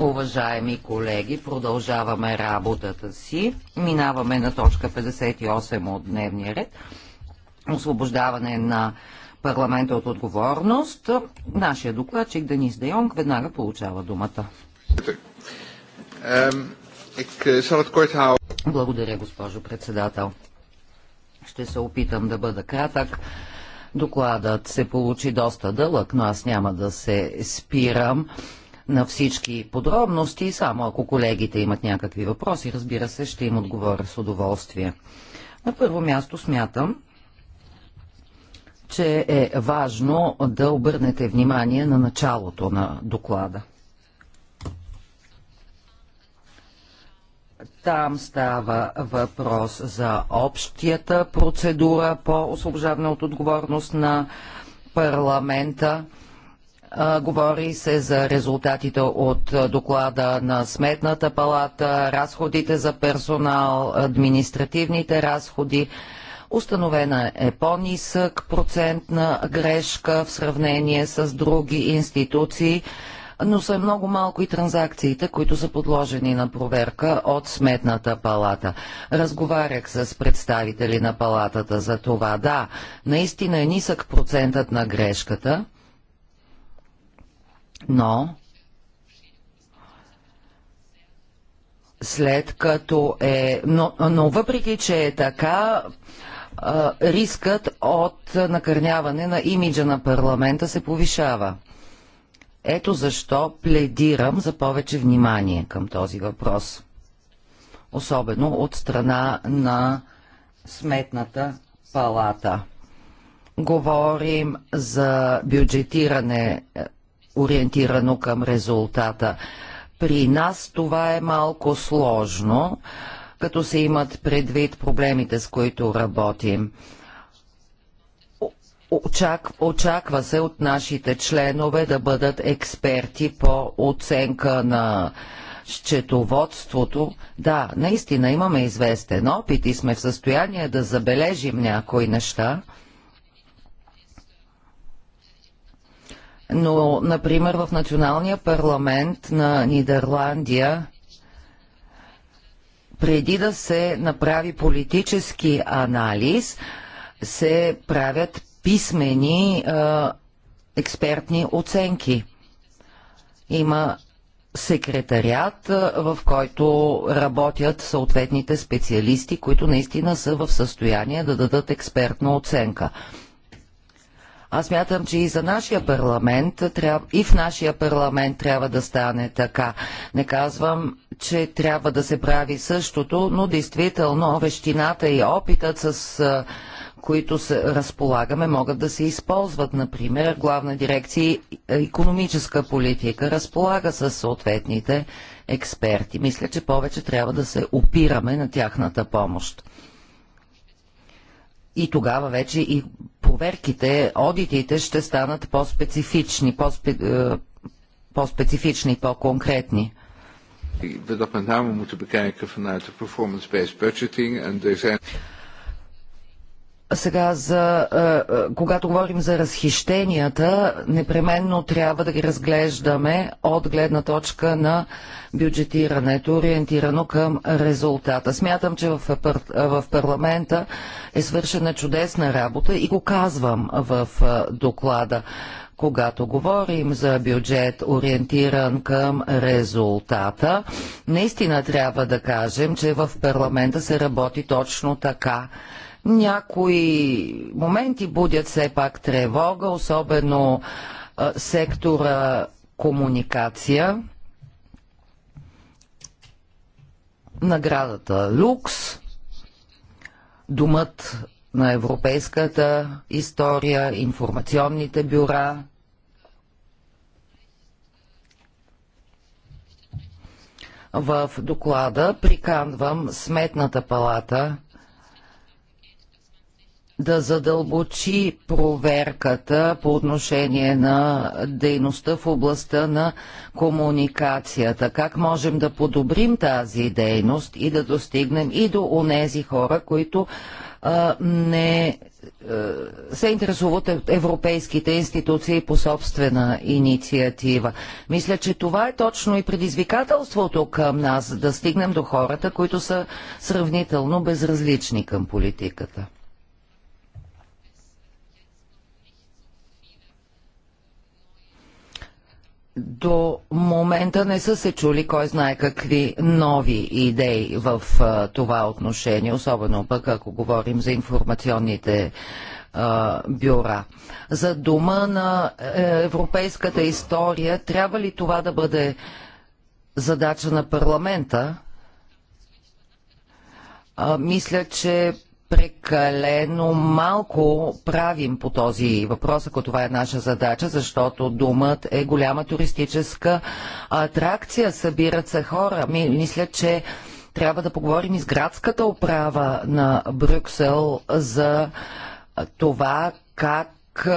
Уважаеми колеги, продължаваме работата си. Минаваме на точка 58 от дневния ред. Освобождаване на парламента от отговорност. Нашия докладчик Денис Дейонг веднага получава думата. Благодаря, госпожо председател. Ще се опитам да бъда кратък. Докладът се получи доста дълъг, но аз няма да се спирам на всички подробности, само ако колегите имат някакви въпроси, разбира се, ще им отговоря с удоволствие. На първо място смятам, че е важно да обърнете внимание на началото на доклада. Там става въпрос за общията процедура по освобождаване от отговорност на парламента. Говори се за резултатите от доклада на Сметната палата, разходите за персонал, административните разходи. Установена е по-нисък процент на грешка в сравнение с други институции но са много малко и транзакциите, които са подложени на проверка от Сметната палата. Разговарях с представители на палатата за това. Да, наистина е нисък процентът на грешката, но след като е... Но, но въпреки, че е така, рискът от накърняване на имиджа на парламента се повишава. Ето защо пледирам за повече внимание към този въпрос. Особено от страна на Сметната палата. Говорим за бюджетиране, е, ориентирано към резултата. При нас това е малко сложно, като се имат предвид проблемите, с които работим. Очаква се от нашите членове да бъдат експерти по оценка на счетоводството. Да, наистина имаме известен опит и сме в състояние да забележим някои неща. Но, например, в Националния парламент на Нидерландия преди да се направи политически анализ, се правят писмени а, експертни оценки. Има секретариат, в който работят съответните специалисти, които наистина са в състояние да дадат експертна оценка. Аз мятам, че и за нашия парламент и в нашия парламент трябва да стане така. Не казвам, че трябва да се прави същото, но действително вещината и опитът с които се разполагаме, могат да се използват. Например, главна дирекция економическа политика разполага с съответните експерти. Мисля, че повече трябва да се опираме на тяхната помощ. И тогава вече и проверките, одитите ще станат по-специфични, е, по-специфични, по-конкретни. We dat met name moeten bekijken vanuit de performance-based budgeting. En er zijn... Сега, за, е, е, когато говорим за разхищенията, непременно трябва да ги разглеждаме от гледна точка на бюджетирането, ориентирано към резултата. Смятам, че в е, парламента е свършена чудесна работа и го казвам в доклада. Когато говорим за бюджет ориентиран към резултата, наистина трябва да кажем, че в парламента се работи точно така някои моменти будят все пак тревога, особено сектора комуникация, наградата Люкс, думът на европейската история, информационните бюра. В доклада приканвам Сметната палата – да задълбочи проверката по отношение на дейността в областта на комуникацията. Как можем да подобрим тази дейност и да достигнем и до онези хора, които а, не се интересуват от европейските институции по собствена инициатива. Мисля, че това е точно и предизвикателството към нас, да стигнем до хората, които са сравнително безразлични към политиката. до момента не са се чули кой знае какви нови идеи в а, това отношение, особено пък ако говорим за информационните а, бюра. За дума на е, европейската история трябва ли това да бъде задача на парламента? А, мисля, че прекалено малко правим по този въпрос, ако това е наша задача, защото думът е голяма туристическа атракция. Събират се хора. Мисля, че трябва да поговорим и с градската управа на Брюксел за това как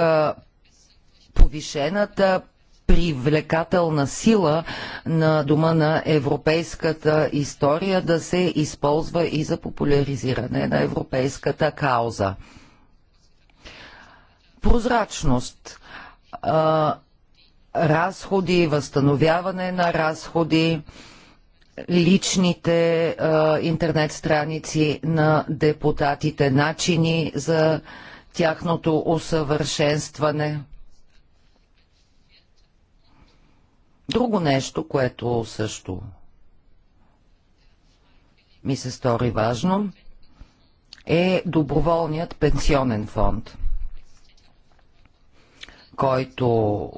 повишената привлекателна сила на Дома на европейската история да се използва и за популяризиране на европейската кауза. Прозрачност, разходи, възстановяване на разходи, личните а, интернет страници на депутатите, начини за тяхното усъвършенстване – Друго нещо, което също ми се стори важно, е доброволният пенсионен фонд, който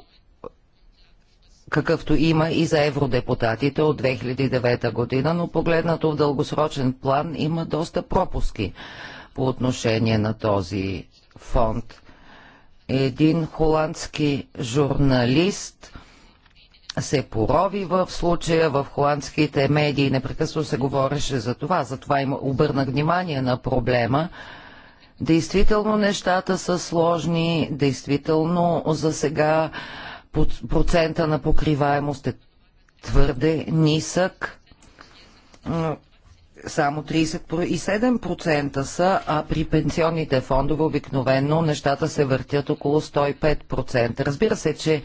какъвто има и за евродепутатите от 2009 година, но погледнато в дългосрочен план има доста пропуски по отношение на този фонд. Един холандски журналист се порови в случая в холандските медии. Непрекъсно се говореше за това. Затова им обърнах внимание на проблема. Действително нещата са сложни, действително за сега процента на покриваемост е твърде нисък. Само 37% са, а при пенсионните фондове обикновено нещата се въртят около 105%. Разбира се, че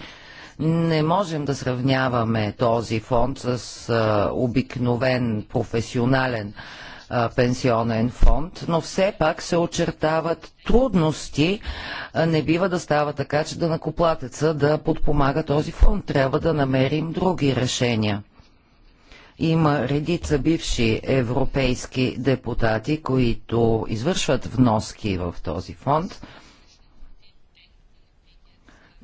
не можем да сравняваме този фонд с а, обикновен професионален а, пенсионен фонд, но все пак се очертават трудности. А, не бива да става така, че да накоплатеца да подпомага този фонд. Трябва да намерим други решения има редица бивши европейски депутати, които извършват вноски в този фонд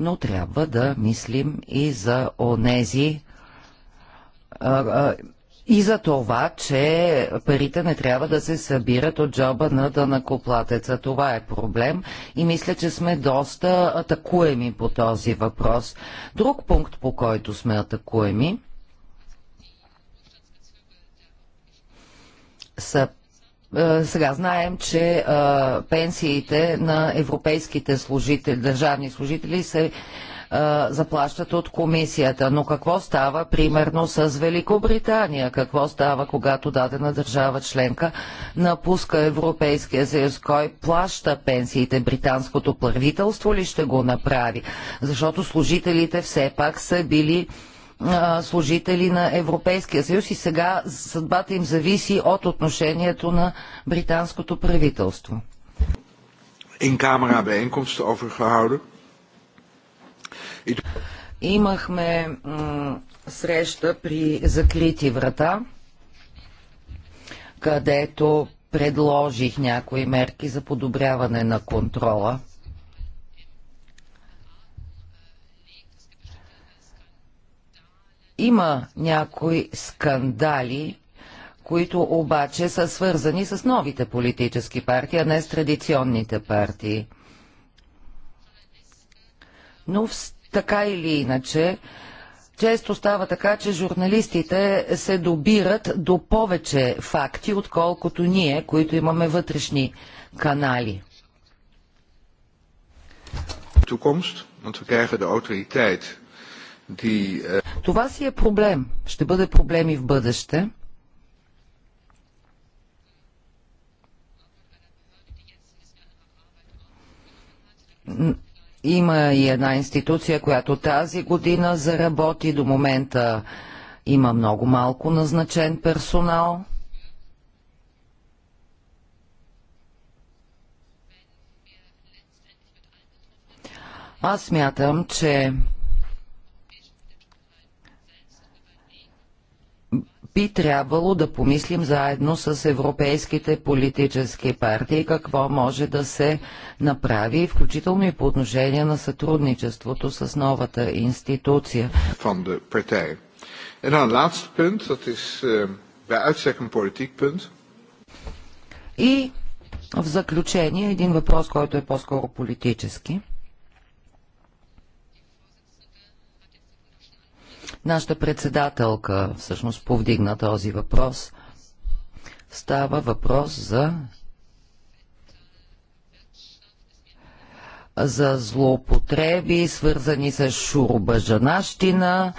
но трябва да мислим и за онези и за това, че парите не трябва да се събират от джоба на дънакоплатеца. Това е проблем и мисля, че сме доста атакуеми по този въпрос. Друг пункт, по който сме атакуеми, са е, сега знаем, че е, пенсиите на европейските служители, държавни служители се е, заплащат от комисията. Но какво става примерно с Великобритания? Какво става, когато дадена държава членка напуска Европейския съюз? Кой плаща пенсиите? Британското правителство ли ще го направи? Защото служителите все пак са били служители на Европейския съюз и сега съдбата им зависи от отношението на британското правителство. In camera bijeenkomsten over gehouden. Имахме среща при закрити врата, където предложих някои мерки за подобряване на контрола Има някои скандали, които обаче са свързани с новите политически партии, а не с традиционните партии. Но така или иначе, често става така, че журналистите се добират до повече факти, отколкото ние, които имаме вътрешни канали. Toekomst, want we krijgen de autoriteit Uh, Това си е проблем. Ще бъде проблем и в бъдеще. Има и една институция, която тази година заработи. До момента има много малко назначен персонал. Аз смятам, че би трябвало да помислим заедно с европейските политически партии какво може да се направи, включително и по отношение на сътрудничеството с новата институция. En dan een laatste punt, dat is uh, bij uitstek een politiek punt. И в заключение един въпрос, който е по-скоро политически. Нашата председателка всъщност повдигна този въпрос. Става въпрос за за злоупотреби, свързани с Жанащина,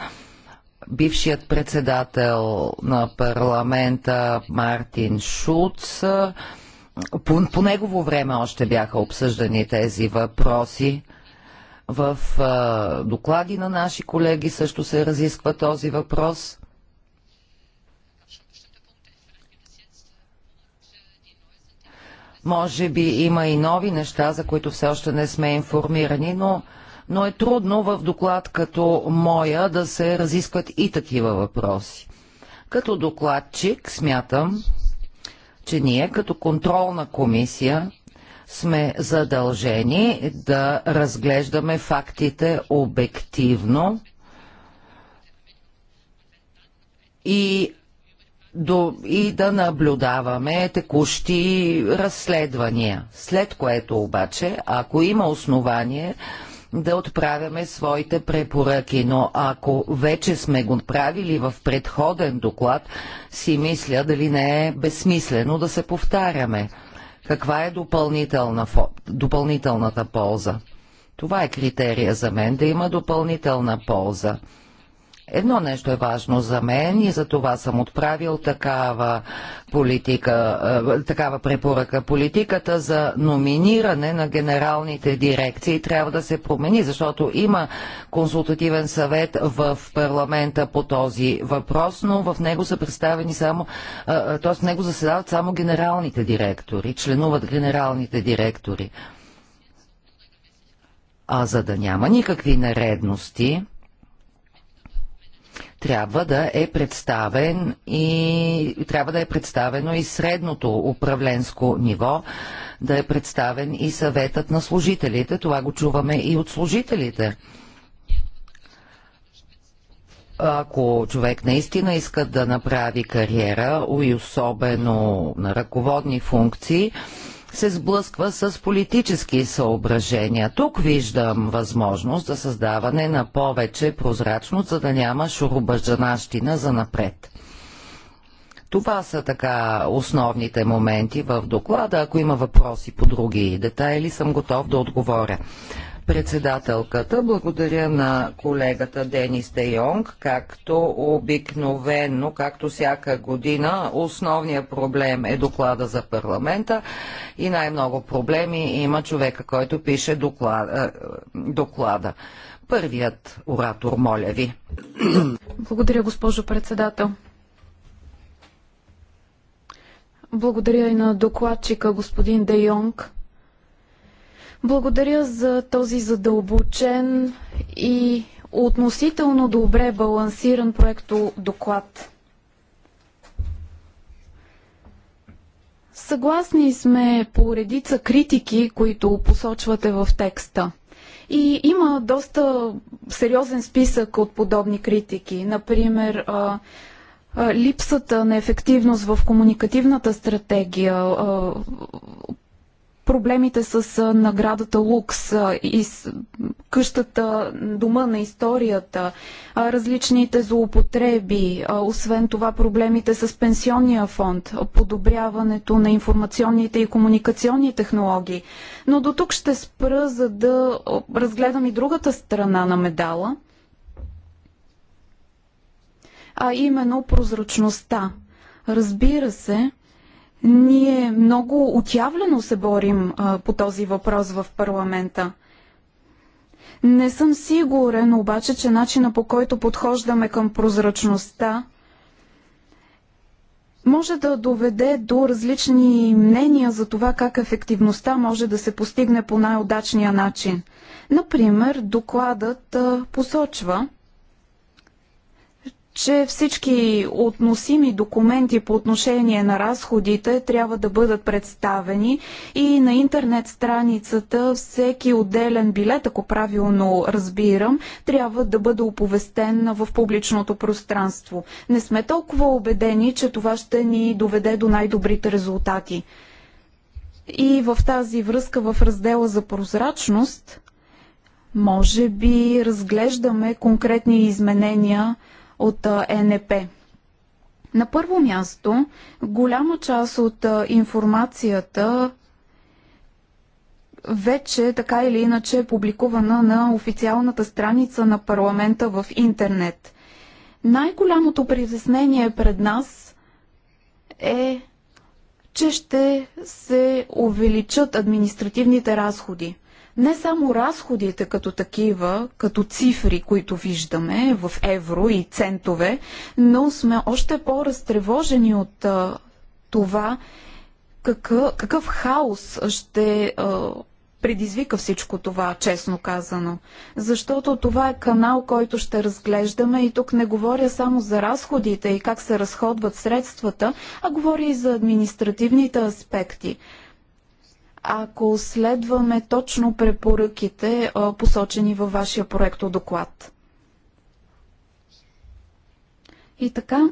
Бившият председател на парламента Мартин Шуц по, по негово време още бяха обсъждани тези въпроси. В а, доклади на наши колеги също се разисква този въпрос. Може би има и нови неща, за които все още не сме информирани, но, но е трудно в доклад като моя да се разискват и такива въпроси. Като докладчик смятам, че ние като контролна комисия сме задължени да разглеждаме фактите обективно и до, и да наблюдаваме текущи разследвания. След което обаче, ако има основание да отправяме своите препоръки, но ако вече сме го правили в предходен доклад, си мисля дали не е безсмислено да се повтаряме. Каква е допълнителна, допълнителната полза? Това е критерия за мен, да има допълнителна полза. Едно нещо е важно за мен и за това съм отправил такава, политика, е, такава препоръка. Политиката за номиниране на генералните дирекции трябва да се промени, защото има консултативен съвет в парламента по този въпрос, но в него са представени само, е, е, т.е. в него заседават само генералните директори, членуват генералните директори. А за да няма никакви нередности, трябва да е представен и трябва да е представено и средното управленско ниво, да е представен и съветът на служителите. Това го чуваме и от служителите. Ако човек наистина иска да направи кариера и особено на ръководни функции, се сблъсква с политически съображения. Тук виждам възможност за създаване на повече прозрачност, за да няма шурубаджанащина за напред. Това са така основните моменти в доклада. Ако има въпроси по други детайли, съм готов да отговоря. Председателката, благодаря на колегата Денис Де Йонг, както обикновено, както всяка година, основният проблем е доклада за парламента и най-много проблеми има човека, който пише доклада. Е, доклада. Първият оратор, моля ви. Благодаря, госпожо председател. Благодаря и на докладчика господин Де Йонг благодаря за този задълбочен и относително добре балансиран проекто доклад. Съгласни сме по редица критики, които посочвате в текста. И има доста сериозен списък от подобни критики. Например, липсата на ефективност в комуникативната стратегия, проблемите с наградата Лукс, из къщата, дома на историята, различните злоупотреби, освен това проблемите с пенсионния фонд, подобряването на информационните и комуникационни технологии. Но до тук ще спра, за да разгледам и другата страна на медала, а именно прозрачността. Разбира се, ние много отявлено се борим а, по този въпрос в парламента. Не съм сигурен обаче, че начина по който подхождаме към прозрачността може да доведе до различни мнения за това как ефективността може да се постигне по най-удачния начин. Например, докладът посочва, че всички относими документи по отношение на разходите трябва да бъдат представени и на интернет страницата всеки отделен билет, ако правилно разбирам, трябва да бъде оповестен в публичното пространство. Не сме толкова убедени, че това ще ни доведе до най-добрите резултати. И в тази връзка в раздела за прозрачност, може би разглеждаме конкретни изменения – от ЕНП. На първо място, голяма част от информацията вече така или иначе е публикувана на официалната страница на парламента в интернет. Най-голямото притеснение пред нас е, че ще се увеличат административните разходи не само разходите като такива, като цифри, които виждаме в евро и центове, но сме още по-разтревожени от а, това какъв, какъв хаос ще а, предизвика всичко това, честно казано. Защото това е канал, който ще разглеждаме и тук не говоря само за разходите и как се разходват средствата, а говоря и за административните аспекти ако следваме точно препоръките, посочени във вашия проекто доклад. И така,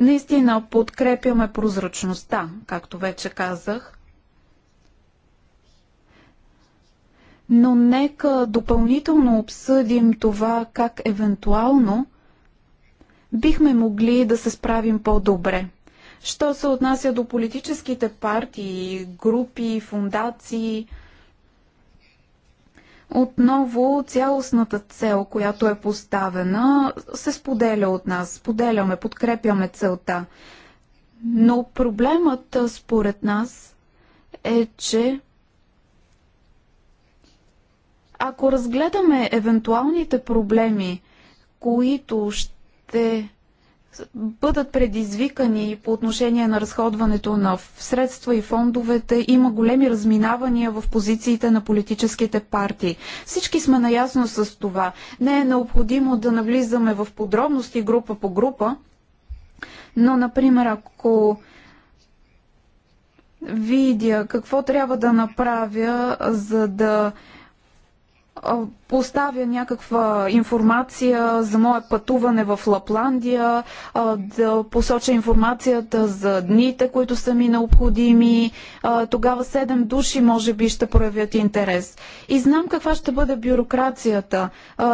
наистина подкрепяме прозрачността, както вече казах, но нека допълнително обсъдим това как евентуално бихме могли да се справим по-добре – Що се отнася до политическите партии, групи, фундации, отново цялостната цел, която е поставена, се споделя от нас. Споделяме, подкрепяме целта. Но проблемът, според нас, е, че ако разгледаме евентуалните проблеми, които ще бъдат предизвикани по отношение на разходването на средства и фондовете, има големи разминавания в позициите на политическите партии. Всички сме наясно с това. Не е необходимо да навлизаме в подробности група по група, но, например, ако видя какво трябва да направя, за да оставя някаква информация за мое пътуване в Лапландия, да посоча информацията за дните, които са ми необходими. Тогава седем души може би ще проявят интерес. И знам каква ще бъде бюрокрацията.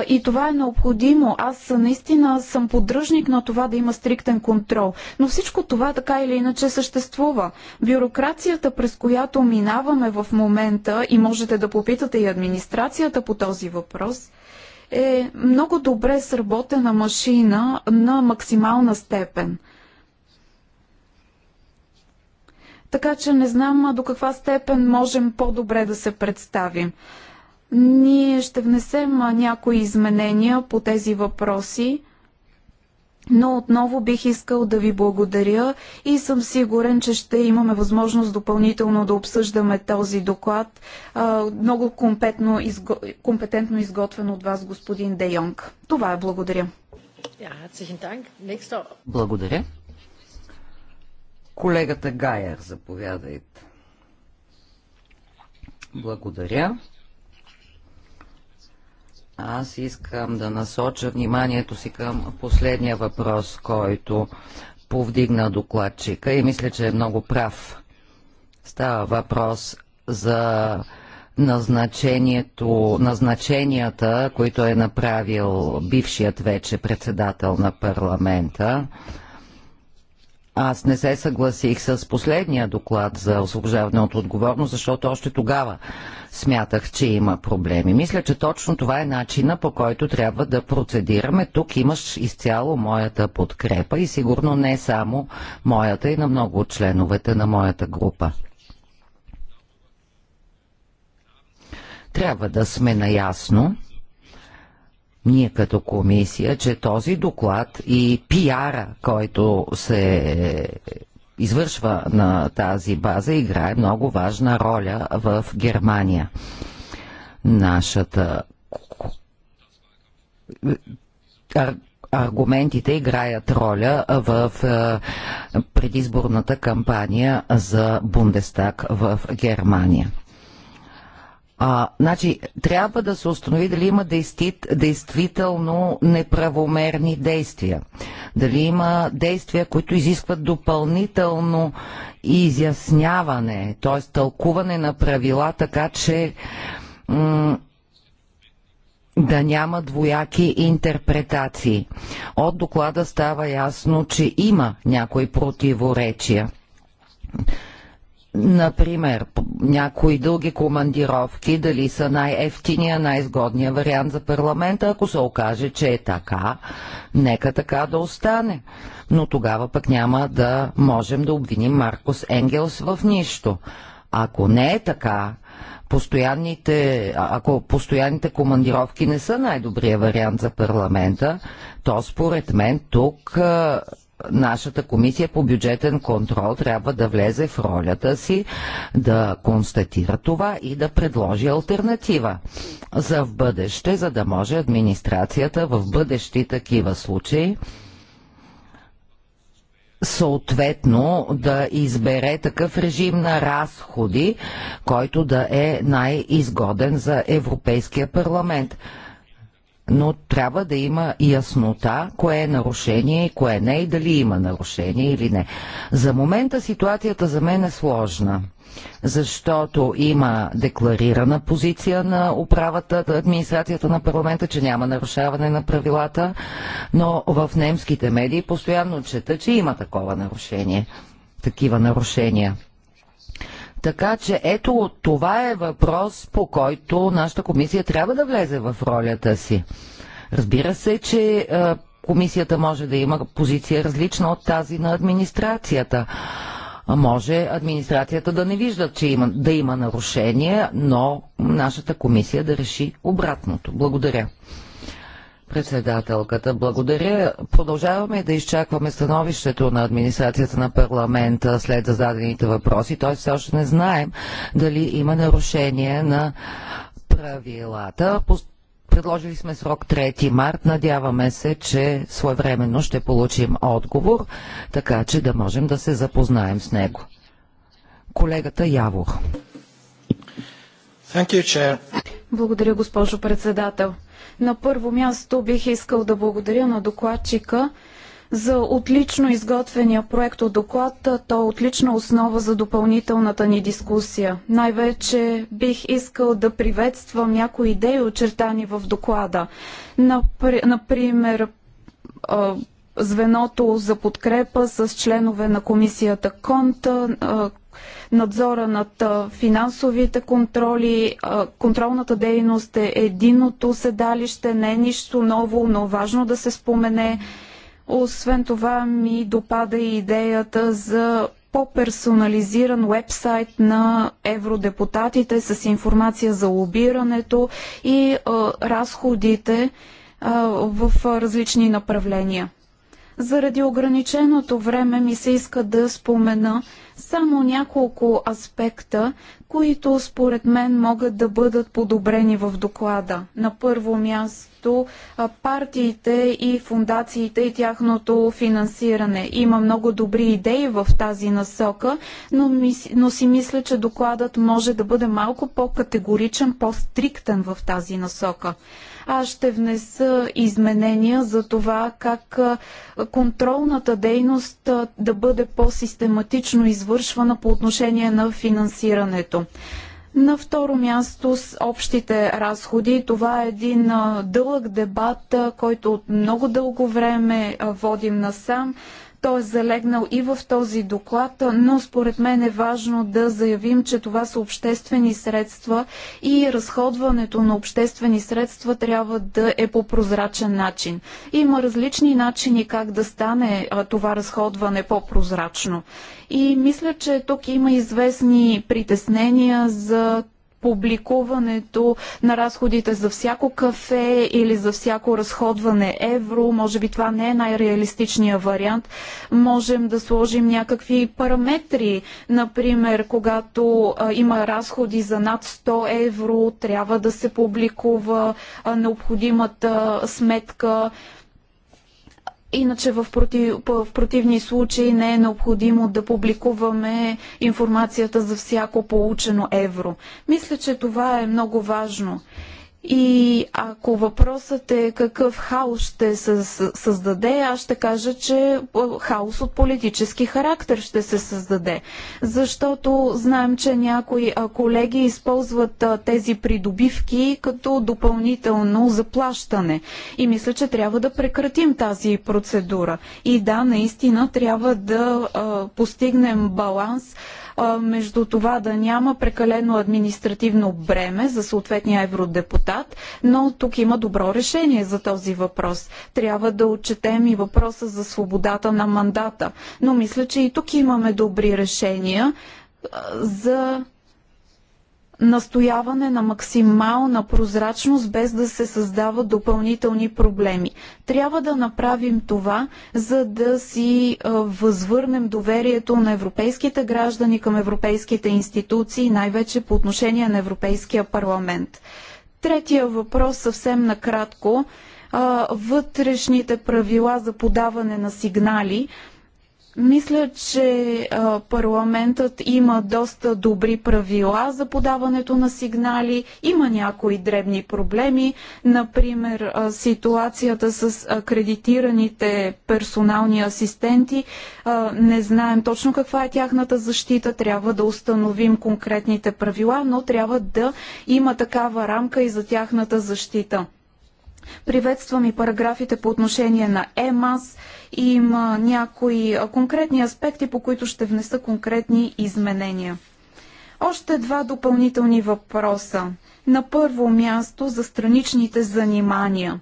И това е необходимо. Аз наистина съм поддръжник на това да има стриктен контрол. Но всичко това така или иначе съществува. Бюрокрацията, през която минаваме в момента и можете да попитате и администрацията по този въпрос, въпрос, е много добре сработена машина на максимална степен. Така че не знам до каква степен можем по-добре да се представим. Ние ще внесем някои изменения по тези въпроси. Но отново бих искал да ви благодаря и съм сигурен, че ще имаме възможност допълнително да обсъждаме този доклад, много компетентно, изготвен от вас, господин Де Йонг. Това е благодаря. Благодаря. Колегата Гайер, заповядайте. Благодаря. Аз искам да насоча вниманието си към последния въпрос, който повдигна докладчика и мисля, че е много прав. Става въпрос за назначението, назначенията, които е направил бившият вече председател на парламента. Аз не се съгласих с последния доклад за освобождаване от отговорност, защото още тогава смятах, че има проблеми. Мисля, че точно това е начина по който трябва да процедираме. Тук имаш изцяло моята подкрепа и сигурно не само моята и на много от членовете на моята група. Трябва да сме наясно, ние като комисия, че този доклад и пиара, който се извършва на тази база, играе много важна роля в Германия. Нашата аргументите играят роля в е, предизборната кампания за Бундестаг в Германия. А, значи, трябва да се установи дали има действит, действително неправомерни действия. Дали има действия, които изискват допълнително изясняване, т.е. тълкуване на правила, така че да няма двояки интерпретации. От доклада става ясно, че има някои противоречия. Например, някои дълги командировки, дали са най-ефтиния, най-изгодния вариант за парламента, ако се окаже, че е така, нека така да остане. Но тогава пък няма да можем да обвиним Маркос Енгелс в нищо. Ако не е така, постоянните, ако постоянните командировки не са най-добрия вариант за парламента, то според мен тук нашата комисия по бюджетен контрол трябва да влезе в ролята си, да констатира това и да предложи альтернатива за в бъдеще, за да може администрацията в бъдещи такива случаи съответно да избере такъв режим на разходи, който да е най-изгоден за Европейския парламент но трябва да има яснота кое е нарушение и кое не и дали има нарушение или не. За момента ситуацията за мен е сложна защото има декларирана позиция на управата, администрацията на парламента, че няма нарушаване на правилата, но в немските медии постоянно чета, че има такова нарушение, такива нарушения. Така че ето това е въпрос, по който нашата комисия трябва да влезе в ролята си. Разбира се, че е, комисията може да има позиция различна от тази на администрацията. А може администрацията да не вижда, че има, да има нарушение, но нашата комисия да реши обратното. Благодаря. Председателката, благодаря. Продължаваме да изчакваме становището на администрацията на парламента след зададените въпроси. Той все още не знаем дали има нарушение на правилата. Предложили сме срок 3 март. Надяваме се, че своевременно ще получим отговор, така че да можем да се запознаем с него. Колегата Явор благодаря, госпожо председател. На първо място бих искал да благодаря на докладчика за отлично изготвения проект от доклад. То е отлична основа за допълнителната ни дискусия. Най-вече бих искал да приветствам някои идеи, очертани в доклада. Например, звеното за подкрепа с членове на комисията Конта, надзора над финансовите контроли, контролната дейност е единното седалище, не е нищо ново, но важно да се спомене. Освен това ми допада и идеята за по-персонализиран вебсайт на евродепутатите с информация за лобирането и а, разходите а, в различни направления. Заради ограниченото време ми се иска да спомена само няколко аспекта, които според мен могат да бъдат подобрени в доклада. На първо място партиите и фундациите и тяхното финансиране. Има много добри идеи в тази насока, но, ми, но си мисля, че докладът може да бъде малко по-категоричен, по-стриктен в тази насока аз ще внеса изменения за това как контролната дейност да бъде по-систематично извършвана по отношение на финансирането. На второ място с общите разходи. Това е един дълъг дебат, който от много дълго време водим насам. Той е залегнал и в този доклад, но според мен е важно да заявим, че това са обществени средства и разходването на обществени средства трябва да е по прозрачен начин. Има различни начини как да стане това разходване по-прозрачно. И мисля, че тук има известни притеснения за публикуването на разходите за всяко кафе или за всяко разходване евро. Може би това не е най-реалистичният вариант. Можем да сложим някакви параметри. Например, когато а, има разходи за над 100 евро, трябва да се публикува а, необходимата сметка. Иначе в, против, в противни случаи не е необходимо да публикуваме информацията за всяко получено евро. Мисля, че това е много важно. И ако въпросът е какъв хаос ще се създаде, аз ще кажа, че хаос от политически характер ще се създаде. Защото знаем, че някои колеги използват тези придобивки като допълнително заплащане. И мисля, че трябва да прекратим тази процедура. И да, наистина трябва да постигнем баланс между това да няма прекалено административно бреме за съответния евродепутат, но тук има добро решение за този въпрос. Трябва да отчетем и въпроса за свободата на мандата. Но мисля, че и тук имаме добри решения за настояване на максимална прозрачност, без да се създават допълнителни проблеми. Трябва да направим това, за да си възвърнем доверието на европейските граждани към европейските институции, най-вече по отношение на Европейския парламент. Третия въпрос съвсем накратко вътрешните правила за подаване на сигнали. Мисля, че парламентът има доста добри правила за подаването на сигнали. Има някои дребни проблеми, например ситуацията с акредитираните персонални асистенти. Не знаем точно каква е тяхната защита, трябва да установим конкретните правила, но трябва да има такава рамка и за тяхната защита. Приветствам и параграфите по отношение на ЕМАС. Има някои конкретни аспекти, по които ще внеса конкретни изменения. Още два допълнителни въпроса. На първо място за страничните занимания.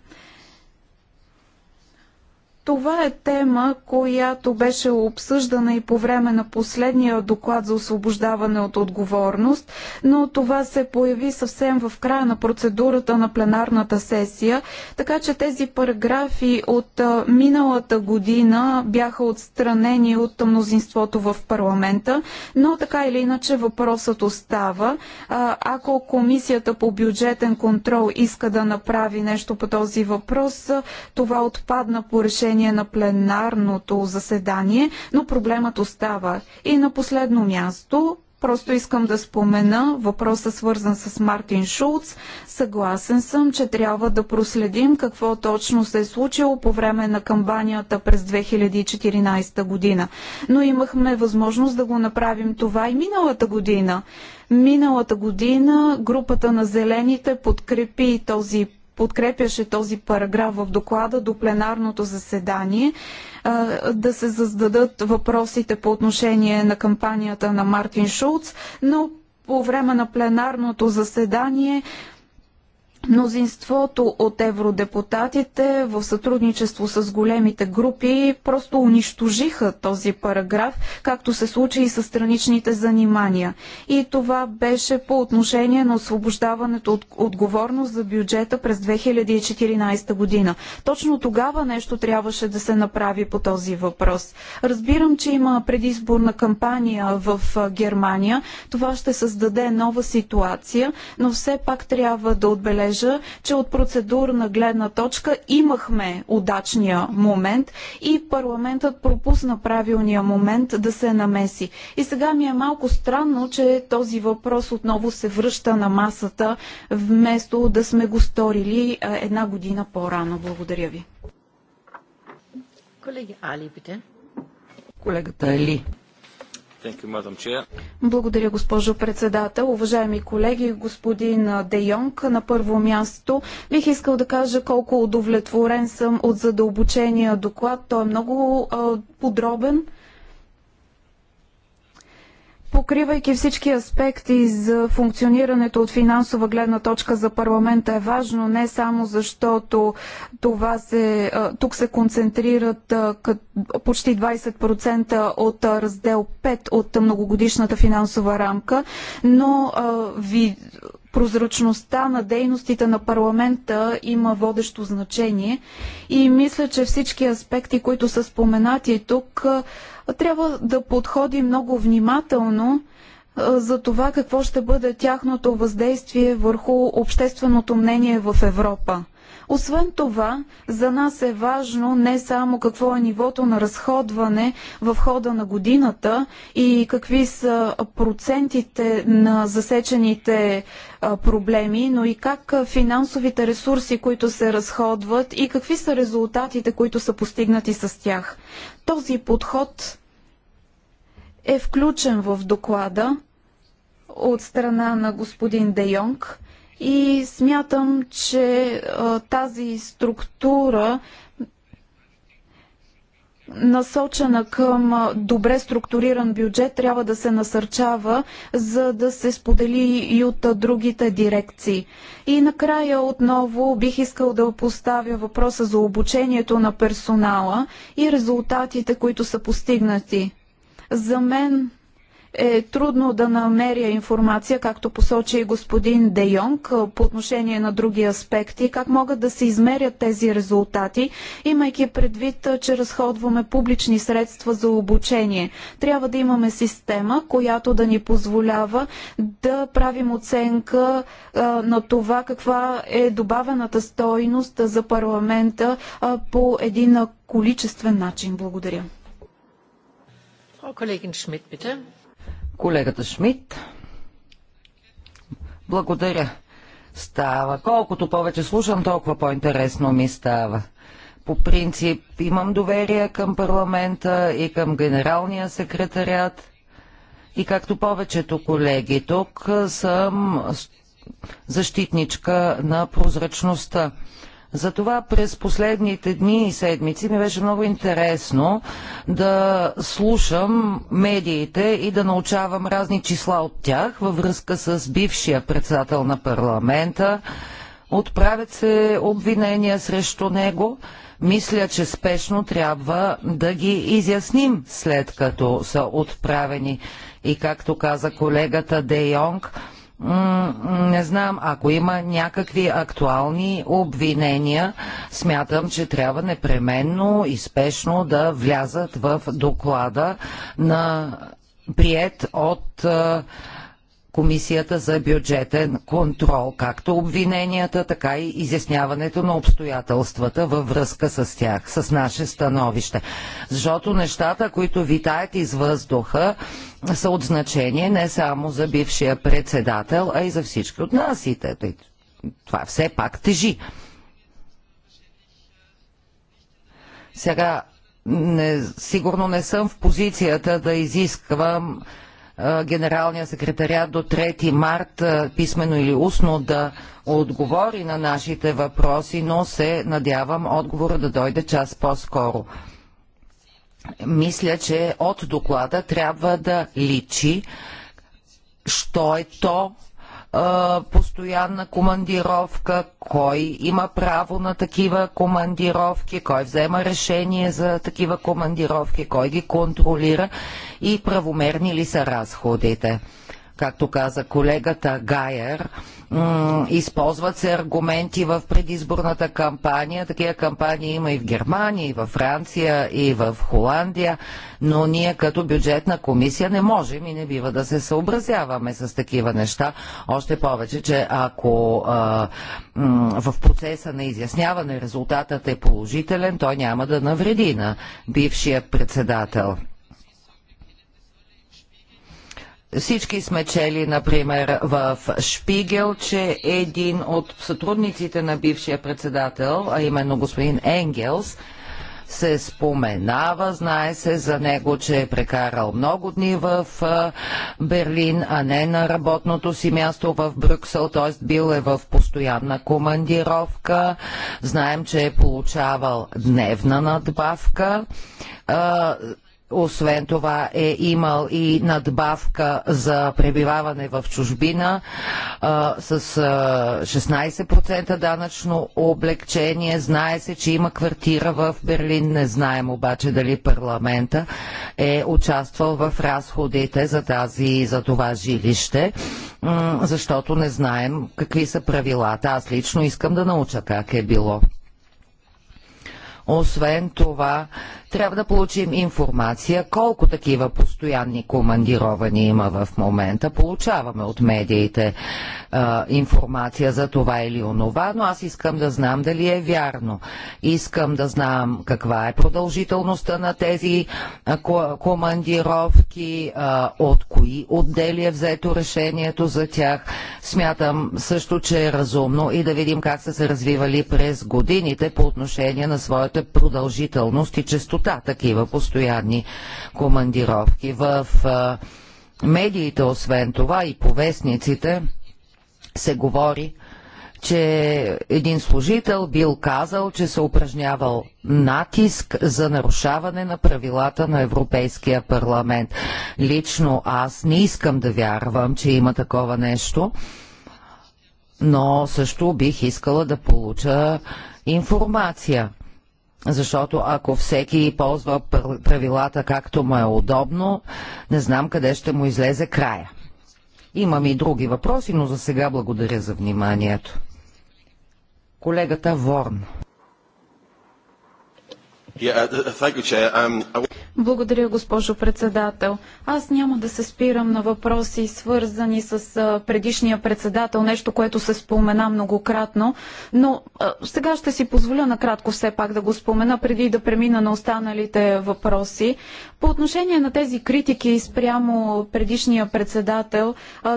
Това е тема, която беше обсъждана и по време на последния доклад за освобождаване от отговорност, но това се появи съвсем в края на процедурата на пленарната сесия, така че тези параграфи от миналата година бяха отстранени от мнозинството в парламента, но така или иначе въпросът остава. Ако комисията по бюджетен контрол иска да направи нещо по този въпрос, това отпадна по решение решение на пленарното заседание, но проблемът остава. И на последно място Просто искам да спомена въпроса свързан с Мартин Шулц. Съгласен съм, че трябва да проследим какво точно се е случило по време на кампанията през 2014 година. Но имахме възможност да го направим това и миналата година. Миналата година групата на зелените подкрепи този подкрепяше този параграф в доклада до пленарното заседание, да се зададат въпросите по отношение на кампанията на Мартин Шулц, но по време на пленарното заседание Мнозинството от евродепутатите в сътрудничество с големите групи просто унищожиха този параграф, както се случи и с страничните занимания. И това беше по отношение на освобождаването от отговорност за бюджета през 2014 година. Точно тогава нещо трябваше да се направи по този въпрос. Разбирам, че има предизборна кампания в Германия. Това ще създаде нова ситуация, но все пак трябва да отбележим кажа, че от процедурна гледна точка имахме удачния момент и парламентът пропусна правилния момент да се намеси. И сега ми е малко странно, че този въпрос отново се връща на масата, вместо да сме го сторили една година по-рано. Благодаря ви. Колеги Али, бите. Колегата Али. Благодаря, госпожо председател. Уважаеми колеги, господин Де Йонг, на първо място бих искал да кажа колко удовлетворен съм от задълбочения доклад. Той е много подробен покривайки всички аспекти за функционирането от финансова гледна точка за парламента е важно не само защото това се, тук се концентрират почти 20% от раздел 5 от многогодишната финансова рамка, но ви прозрачността на дейностите на парламента има водещо значение и мисля, че всички аспекти, които са споменати тук, трябва да подходи много внимателно за това какво ще бъде тяхното въздействие върху общественото мнение в Европа. Освен това, за нас е важно не само какво е нивото на разходване в хода на годината и какви са процентите на засечените проблеми, но и как финансовите ресурси, които се разходват и какви са резултатите, които са постигнати с тях. Този подход е включен в доклада от страна на господин Де Йонг и смятам, че тази структура насочена към добре структуриран бюджет трябва да се насърчава, за да се сподели и от другите дирекции. И накрая отново бих искал да поставя въпроса за обучението на персонала и резултатите, които са постигнати. За мен е трудно да намеря информация, както посочи и господин Де Йонг, по отношение на други аспекти, как могат да се измерят тези резултати, имайки предвид, че разходваме публични средства за обучение. Трябва да имаме система, която да ни позволява да правим оценка на това каква е добавената стойност за парламента по един количествен начин. Благодаря. Колегата Шмидт. Благодаря. Става. Колкото повече слушам, толкова по-интересно ми става. По принцип имам доверие към парламента и към генералния секретарят. И както повечето колеги тук, съм защитничка на прозрачността. Затова през последните дни и седмици ми беше много интересно да слушам медиите и да научавам разни числа от тях във връзка с бившия председател на парламента. Отправят се обвинения срещу него. Мисля, че спешно трябва да ги изясним след като са отправени. И както каза колегата Де Йонг, не знам, ако има някакви актуални обвинения, смятам, че трябва непременно и спешно да влязат в доклада на прият от Комисията за бюджетен контрол, както обвиненията, така и изясняването на обстоятелствата във връзка с тях, с наше становище. Защото нещата, които витаят из въздуха, са от значение не само за бившия председател, а и за всички от нас. И това все пак тежи. Сега, не, сигурно не съм в позицията да изисквам генералния секретарят до 3 март писменно или устно да отговори на нашите въпроси, но се надявам отговора да дойде час по-скоро. Мисля, че от доклада трябва да личи, що е то, постоянна командировка, кой има право на такива командировки, кой взема решение за такива командировки, кой ги контролира и правомерни ли са разходите. Както каза колегата Гайер, използват се аргументи в предизборната кампания. Такива кампании има и в Германия, и в Франция, и в Холандия, но ние като бюджетна комисия не можем и не бива да се съобразяваме с такива неща. Още повече, че ако а, в процеса на изясняване резултатът е положителен, той няма да навреди на бившия председател. Всички сме чели, например, в Шпигел, че един от сътрудниците на бившия председател, а именно господин Енгелс, се споменава, знае се за него, че е прекарал много дни в Берлин, а не на работното си място в Брюксел, т.е. бил е в постоянна командировка. Знаем, че е получавал дневна надбавка. Освен това е имал и надбавка за пребиваване в чужбина а, с а, 16% данъчно облегчение. Знае се, че има квартира в Берлин. Не знаем обаче дали парламента е участвал в разходите за, тази, за това жилище, защото не знаем какви са правилата. Аз лично искам да науча как е било. Освен това, трябва да получим информация колко такива постоянни командировани има в момента. Получаваме от медиите а, информация за това или онова, но аз искам да знам дали е вярно. Искам да знам каква е продължителността на тези а, командировки, а, от кои отдели е взето решението за тях. Смятам също, че е разумно и да видим как са се развивали през годините по отношение на своята продължителност и честота честота такива постоянни командировки. В медиите, освен това и повестниците, се говори, че един служител бил казал, че се упражнявал натиск за нарушаване на правилата на Европейския парламент. Лично аз не искам да вярвам, че има такова нещо, но също бих искала да получа информация. Защото ако всеки ползва правилата както му е удобно, не знам къде ще му излезе края. Имам и други въпроси, но за сега благодаря за вниманието. Колегата Ворн. Uh, uh, um, Благодаря, госпожо председател. Аз няма да се спирам на въпроси, свързани с предишния председател, нещо, което се спомена многократно, но сега ще си позволя накратко все пак да го спомена, преди да премина на останалите въпроси. По отношение на тези критики спрямо предишния председател,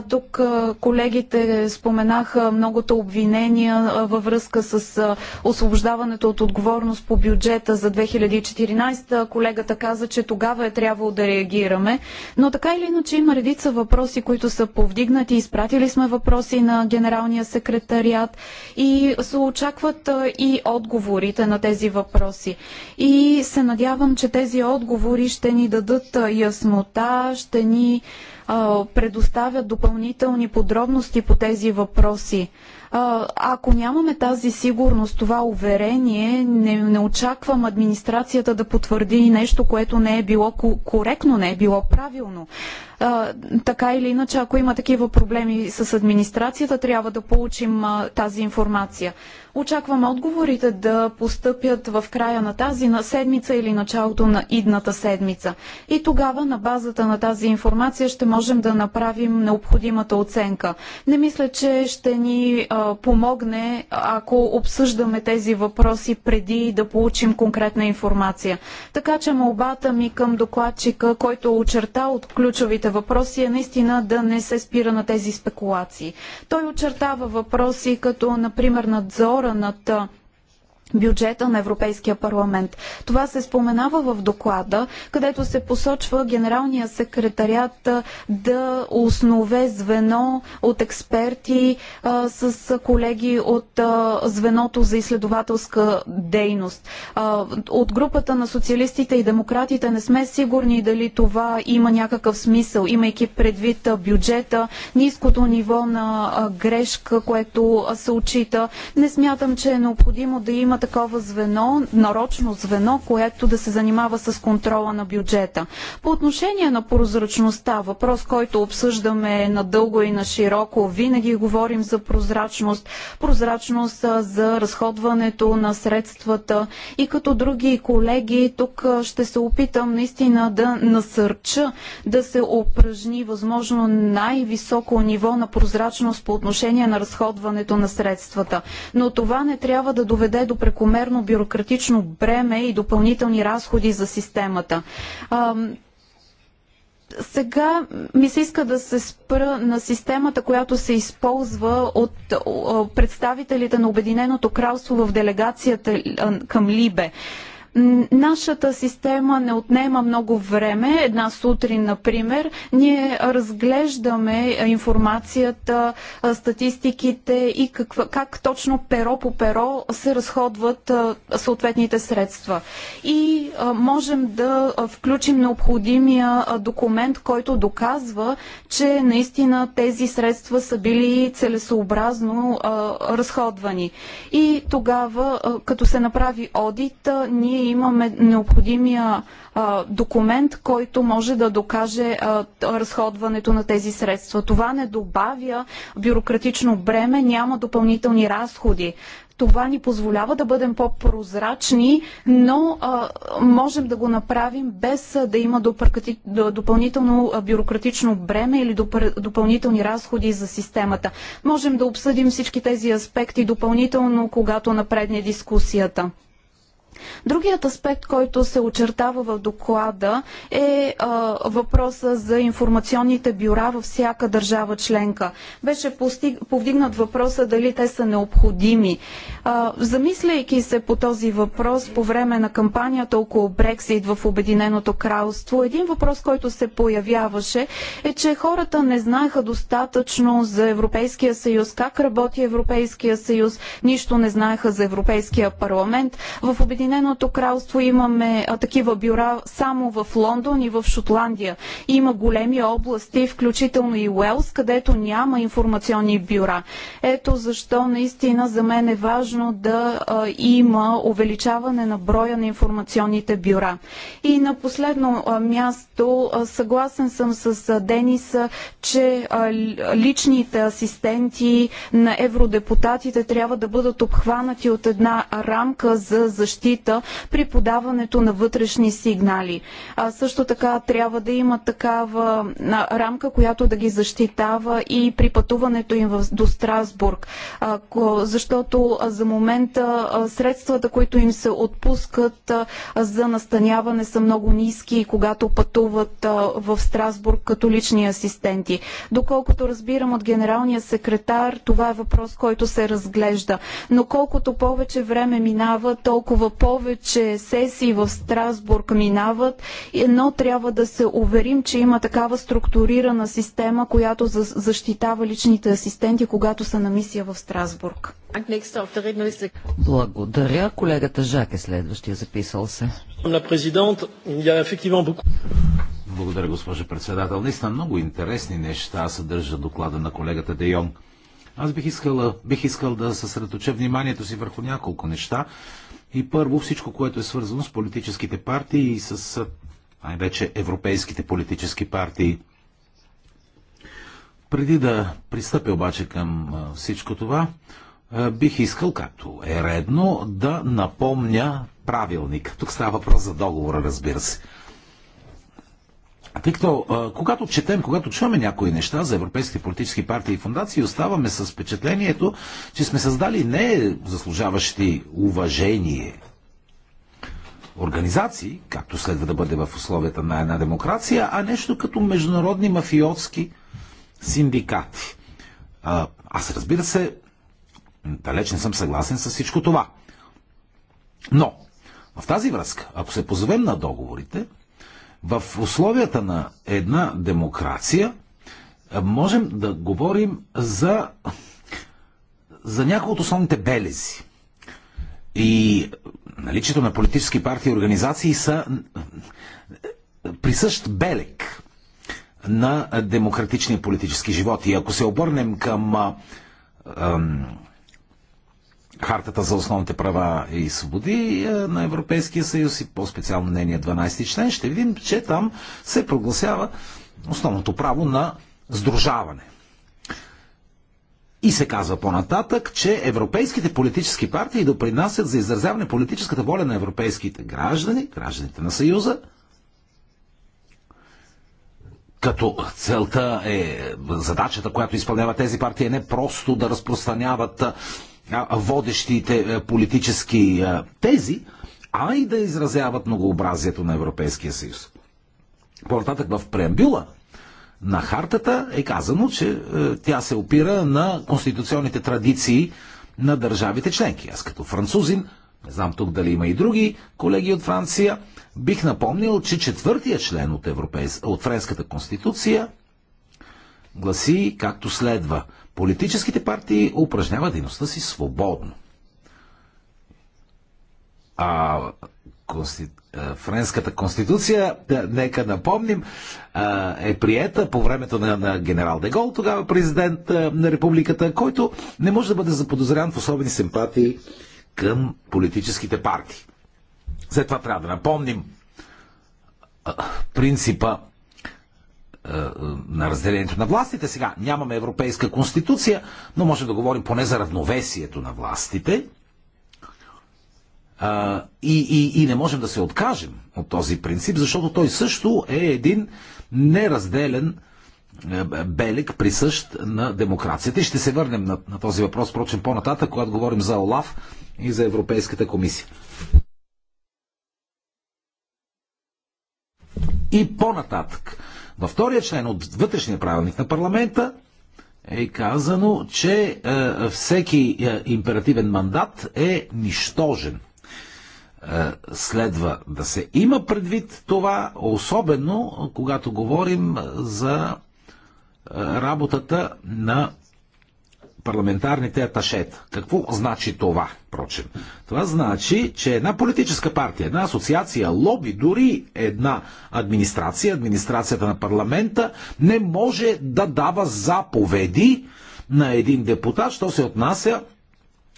тук колегите споменаха многото обвинения във връзка с освобождаването от отговорност по бюджета за 2000 2014 колегата каза, че тогава е трябвало да реагираме. Но така или иначе има редица въпроси, които са повдигнати. Изпратили сме въпроси на генералния секретариат и се очакват и отговорите на тези въпроси. И се надявам, че тези отговори ще ни дадат яснота, ще ни предоставят допълнителни подробности по тези въпроси. Ако нямаме тази сигурност, това уверение, не, не очаквам администрацията да потвърди нещо, което не е било коректно, не е било правилно. А, така или иначе, ако има такива проблеми с администрацията, трябва да получим а, тази информация. Очаквам отговорите да постъпят в края на тази на седмица или началото на идната седмица. И тогава на базата на тази информация ще можем да направим необходимата оценка. Не мисля, че ще ни а, помогне, ако обсъждаме тези въпроси преди да получим конкретна информация. Така че молбата ми към докладчика, който очерта от ключовите въпроси, е наистина да не се спира на тези спекулации. Той очертава въпроси като, например, надзора над бюджета на Европейския парламент. Това се споменава в доклада, където се посочва генералния секретарят да основе звено от експерти а, с колеги от а, звеното за изследователска дейност. А, от групата на социалистите и демократите не сме сигурни дали това има някакъв смисъл, имайки предвид бюджета, ниското ниво на грешка, което се очита. Не смятам, че е необходимо да има има такова звено, нарочно звено, което да се занимава с контрола на бюджета. По отношение на прозрачността, въпрос, който обсъждаме надълго и на широко, винаги говорим за прозрачност, прозрачност за разходването на средствата и като други колеги, тук ще се опитам наистина да насърча да се упражни възможно най-високо ниво на прозрачност по отношение на разходването на средствата. Но това не трябва да доведе до прекомерно бюрократично бреме и допълнителни разходи за системата. Сега ми се иска да се спра на системата, която се използва от представителите на Обединеното кралство в делегацията към Либе. Нашата система не отнема много време. Една сутрин, например, ние разглеждаме информацията, статистиките и каква, как точно перо по перо се разходват съответните средства. И можем да включим необходимия документ, който доказва, че наистина тези средства са били целесообразно разходвани. И тогава, като се направи одит, ние имаме необходимия документ, който може да докаже разходването на тези средства. Това не добавя бюрократично бреме, няма допълнителни разходи. Това ни позволява да бъдем по-прозрачни, но а, можем да го направим без да има допълнително бюрократично бреме или допълнителни разходи за системата. Можем да обсъдим всички тези аспекти допълнително, когато напредне дискусията. Другият аспект, който се очертава в доклада е а, въпроса за информационните бюра във всяка държава членка. Беше постиг, повдигнат въпроса дали те са необходими. А, замисляйки се по този въпрос по време на кампанията около Брексит в Обединеното кралство, един въпрос, който се появяваше е, че хората не знаеха достатъчно за Европейския съюз, как работи Европейския съюз, нищо не знаеха за Европейския парламент. В Обединеното Обединеното кралство имаме а, такива бюра само в Лондон и в Шотландия. Има големи области, включително и Уелс, където няма информационни бюра. Ето защо наистина за мен е важно да а, има увеличаване на броя на информационните бюра. И на последно а, място а, съгласен съм с а, че а, личните асистенти на евродепутатите трябва да бъдат обхванати от една рамка за защита защита при подаването на вътрешни сигнали. А също така трябва да има такава рамка, която да ги защитава и при пътуването им до Страсбург. защото за момента средствата, които им се отпускат за настаняване са много ниски, когато пътуват в Страсбург като лични асистенти. Доколкото разбирам от генералния секретар, това е въпрос, който се разглежда. Но колкото повече време минава, толкова повече сесии в Страсбург минават, но трябва да се уверим, че има такава структурирана система, която защитава личните асистенти, когато са на мисия в Страсбург. Благодаря. Колегата Жак е следващия записал се. Благодаря, госпожа председател. Наистина много интересни неща съдържа доклада на колегата Де Йонг. Аз бих искал, бих искал да съсредоточа вниманието си върху няколко неща, и първо всичко, което е свързано с политическите партии и с най-вече европейските политически партии. Преди да пристъпя обаче към всичко това, бих искал, както е редно, да напомня правилник. Тук става въпрос за договора, разбира се. Тъй като, когато четем, когато чуваме някои неща за европейските политически партии и фундации, оставаме с впечатлението, че сме създали не заслужаващи уважение организации, както следва да бъде в условията на една демокрация, а нещо като международни мафиотски синдикати. Аз разбира се, далеч не съм съгласен с всичко това. Но, в тази връзка, ако се позовем на договорите, в условията на една демокрация е, можем да говорим за, за някои от основните белези. И наличието на политически партии и организации са е, присъщ белек на демократичния политически живот. И ако се обърнем към е, Хартата за основните права и свободи е, на Европейския съюз и по-специално нения 12 член, ще видим, че там се прогласява основното право на сдружаване. И се казва по-нататък, че европейските политически партии допринасят за изразяване политическата воля на европейските граждани, гражданите на Съюза, като целта е, задачата, която изпълнява тези партии е не просто да разпространяват водещите политически тези, а и да изразяват многообразието на Европейския съюз. По-нататък в преамбюла на хартата е казано, че тя се опира на конституционните традиции на държавите членки. Аз като французин, не знам тук дали има и други колеги от Франция, бих напомнил, че четвъртия член от, Европейс... от Френската конституция гласи както следва – Политическите партии упражняват дейността си свободно. А конститу... Френската конституция, нека напомним, е приета по времето на, на генерал Дегол, тогава президент на републиката, който не може да бъде заподозрян в особени симпатии към политическите партии. След това трябва да напомним принципа е, е, на разделението на властите. Сега нямаме европейска конституция, но може да говорим поне за равновесието на властите. Е, и, и, и не можем да се откажем от този принцип, защото той също е един неразделен белик присъщ на демокрацията. И ще се върнем на, на този въпрос, впрочем, по-нататък, когато говорим за ОЛАВ и за Европейската комисия. И по-нататък във втория член от вътрешния правилник на парламента е казано, че е, всеки е, императивен мандат е нищожен. Е, следва да се има предвид това, особено когато говорим за е, работата на парламентарните аташета. Какво значи това, впрочем? Това значи, че една политическа партия, една асоциация, лоби, дори една администрация, администрацията на парламента, не може да дава заповеди на един депутат, що се отнася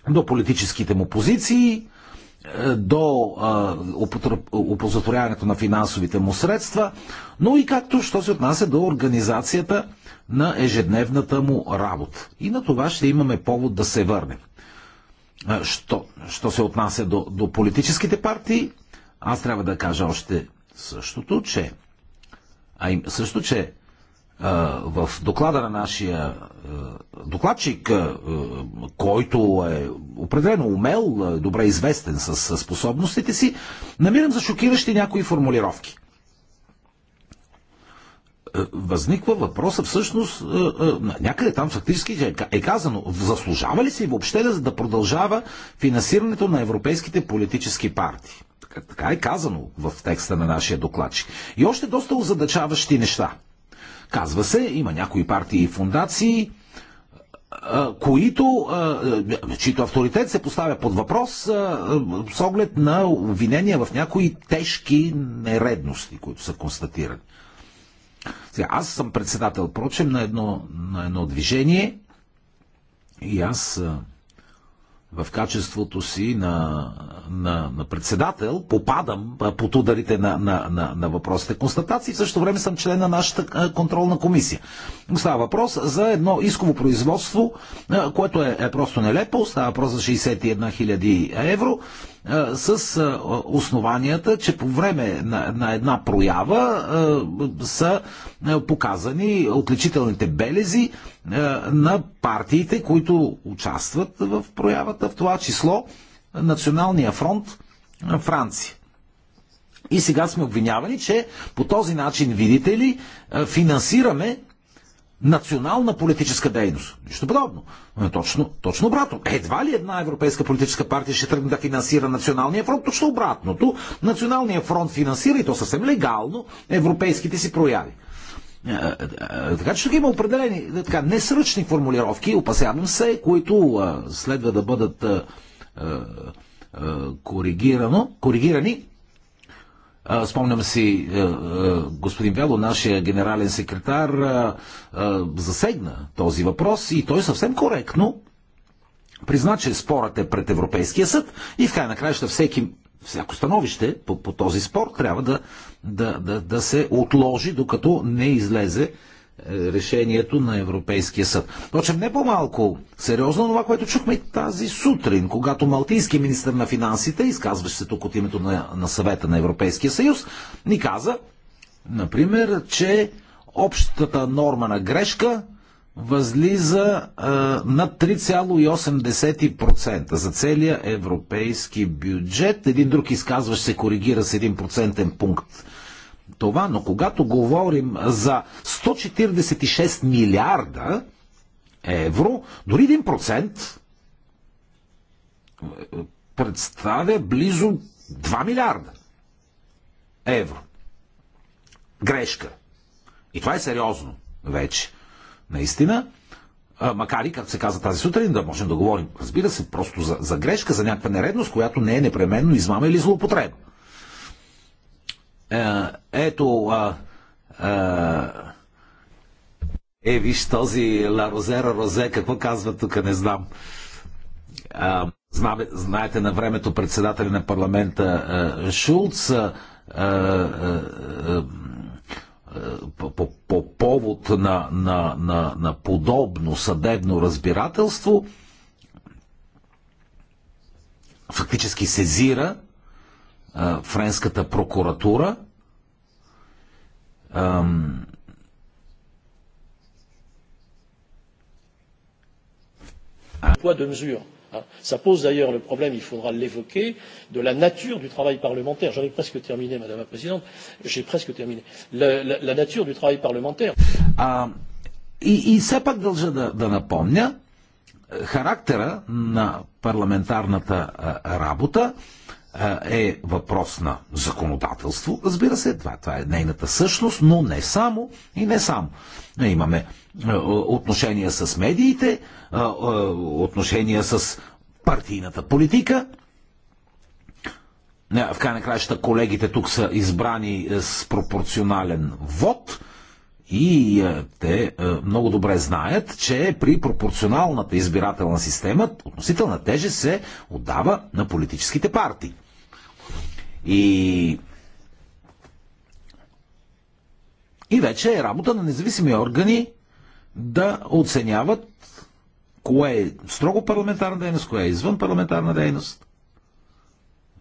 до политическите му позиции, до опозотворяването на финансовите му средства, но и както, що се отнася до организацията на ежедневната му работа. И на това ще имаме повод да се върнем. Що, що се отнася до, до политическите партии, аз трябва да кажа още същото, че а им, също, че в доклада на нашия докладчик, който е определено умел, добре известен с способностите си, намирам за шокиращи някои формулировки. Възниква въпроса всъщност, някъде там фактически е, е казано, заслужава ли се и въобще да продължава финансирането на европейските политически партии? Така е казано в текста на нашия докладчик. И още доста озадачаващи неща – Казва се, има някои партии и фундации, които, чието авторитет се поставя под въпрос с оглед на обвинения в някои тежки нередности, които са констатирани. Сега, аз съм председател, прочем, на едно, на едно движение и аз в качеството си на, на, на председател попадам под ударите на, на, на, на въпросите констатации. В същото време съм член на нашата контролна комисия. Става въпрос за едно исково производство, което е, е просто нелепо. Става въпрос за 61 000 евро с основанията, че по време на, на една проява са показани отличителните белези на партиите, които участват в проявата, в това число Националния фронт Франция. И сега сме обвинявани, че по този начин, видите ли, финансираме национална политическа дейност. Нищо подобно. Е, точно, точно обратно. Е, едва ли една европейска политическа партия ще тръгне да финансира Националния фронт? Точно обратното. Националния фронт финансира и то съвсем легално европейските си прояви. Е, така че тук има определени така, несръчни формулировки, опасявам се, които следва да бъдат коригирано, коригирани Спомням си, е, е, господин Вело, нашия генерален секретар, е, засегна този въпрос и той съвсем коректно призна, че спорът е пред Европейския съд и в край на краища всеки всяко становище по, по този спор трябва да, да, да, да се отложи, докато не излезе решението на Европейския съд. Впрочем, не по-малко сериозно е това, което чухме тази сутрин, когато малтийски министр на финансите, изказващ се тук от името на, на съвета на Европейския съюз, ни каза, например, че общата норма на грешка възлиза а, на 3,8% за целия европейски бюджет. Един друг изказващ се коригира с 1% пункт това, но когато говорим за 146 милиарда евро, дори 1% представя близо 2 милиарда евро. Грешка. И това е сериозно вече. Наистина, макар и, както се каза тази сутрин, да можем да говорим, разбира се, просто за, за грешка, за някаква нередност, която не е непременно измама или злоупотреба. Е, ето е, виж този Ла Розера Розе, какво казва тук, не знам. А, знаете, на времето председателя на парламента Шулц а, а, по, по, по повод на, на, на, на подобно съдебно разбирателство фактически сезира френската прокуратура. Poids de mesure. Ça pose d'ailleurs le problème, il faudra l'évoquer, de la nature du travail parlementaire. J'en ai presque terminé, Madame la Présidente. J'ai presque terminé. La, la, la nature du travail parlementaire. А, и, и все пак дължа да, да напомня характера на парламентарната а, работа. А, е, е въпрос на законодателство, разбира се, това, това е нейната същност, но не само и не само. Е, имаме е, отношения с медиите, отношения с партийната политика. В край на краища колегите тук са избрани с пропорционален вод – и е, те е, много добре знаят, че при пропорционалната избирателна система относителна тежест се отдава на политическите партии. И и вече е работа на независими органи да оценяват кое е строго парламентарна дейност, кое е извън парламентарна дейност.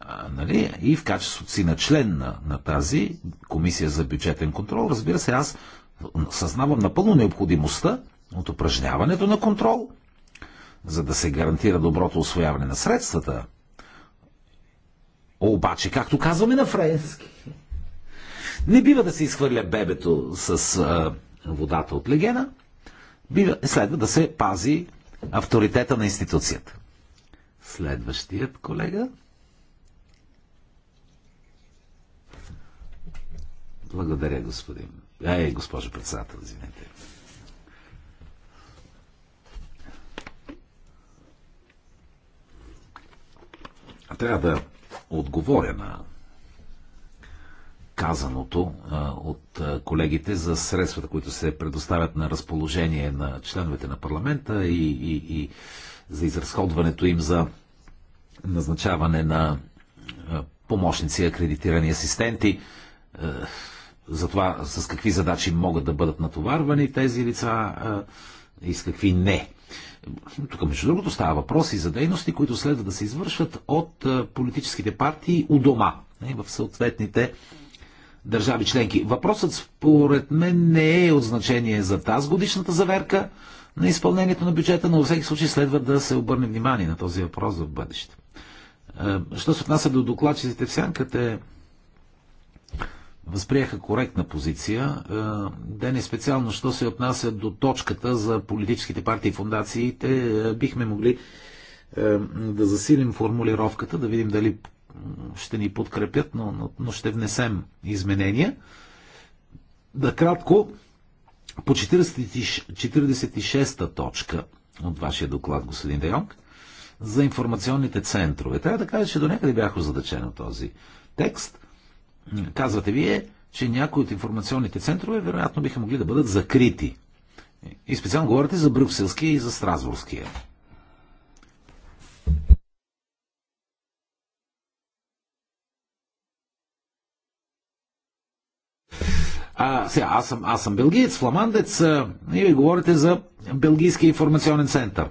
А, нали? И в качеството си на член на, на тази комисия за бюджетен контрол, разбира се, аз съзнавам напълно необходимостта от упражняването на контрол, за да се гарантира доброто освояване на средствата. Обаче, както казваме на френски, не бива да се изхвърля бебето с а, водата от легена, бива, следва да се пази авторитета на институцията. Следващият колега. Благодаря, господин Ей, госпожо председател, извинете. Трябва да отговоря на казаното от колегите за средствата, които се предоставят на разположение на членовете на парламента и, и, и за изразходването им за назначаване на помощници, акредитирани асистенти. Е, за това с какви задачи могат да бъдат натоварвани тези лица и с какви не. Тук, между другото, става въпрос и за дейности, които следва да се извършват от политическите партии у дома, в съответните държави членки. Въпросът, според мен, не е от значение за тази годишната заверка на изпълнението на бюджета, но във всеки случай следва да се обърне внимание на този въпрос за бъдеще. Що се отнася до докладчиците в сянката, възприеха коректна позиция. Да е специално, що се отнася до точката за политическите партии и фундациите, е, бихме могли е, да засилим формулировката, да видим дали ще ни подкрепят, но, но, но ще внесем изменения. Да кратко, по 46-та точка от вашия доклад, господин Дейонг, за информационните центрове. Трябва да кажа, че до някъде бях озадачен от този текст. Казвате вие, че някои от информационните центрове вероятно биха могли да бъдат закрити. И специално говорите за брюкселския и за Стразбургския. А, сега, аз съм, аз съм белгиец, фламандец, а, и ви говорите за Белгийския информационен център.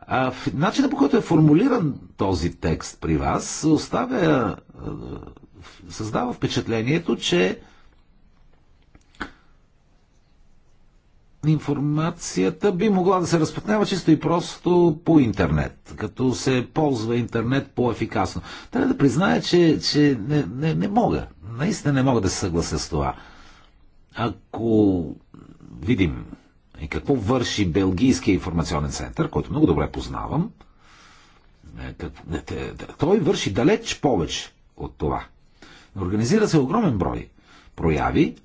А, в начинът по който е формулиран този текст при вас, оставя а, създава впечатлението, че информацията би могла да се разпътнява чисто и просто по интернет, като се ползва интернет по-ефикасно. Трябва да призная, че, че не, не, не мога. Наистина не мога да се съглася с това. Ако видим и какво върши Белгийския информационен център, който много добре познавам, е, е, той върши далеч повече от това. Организира се огромен брой прояви,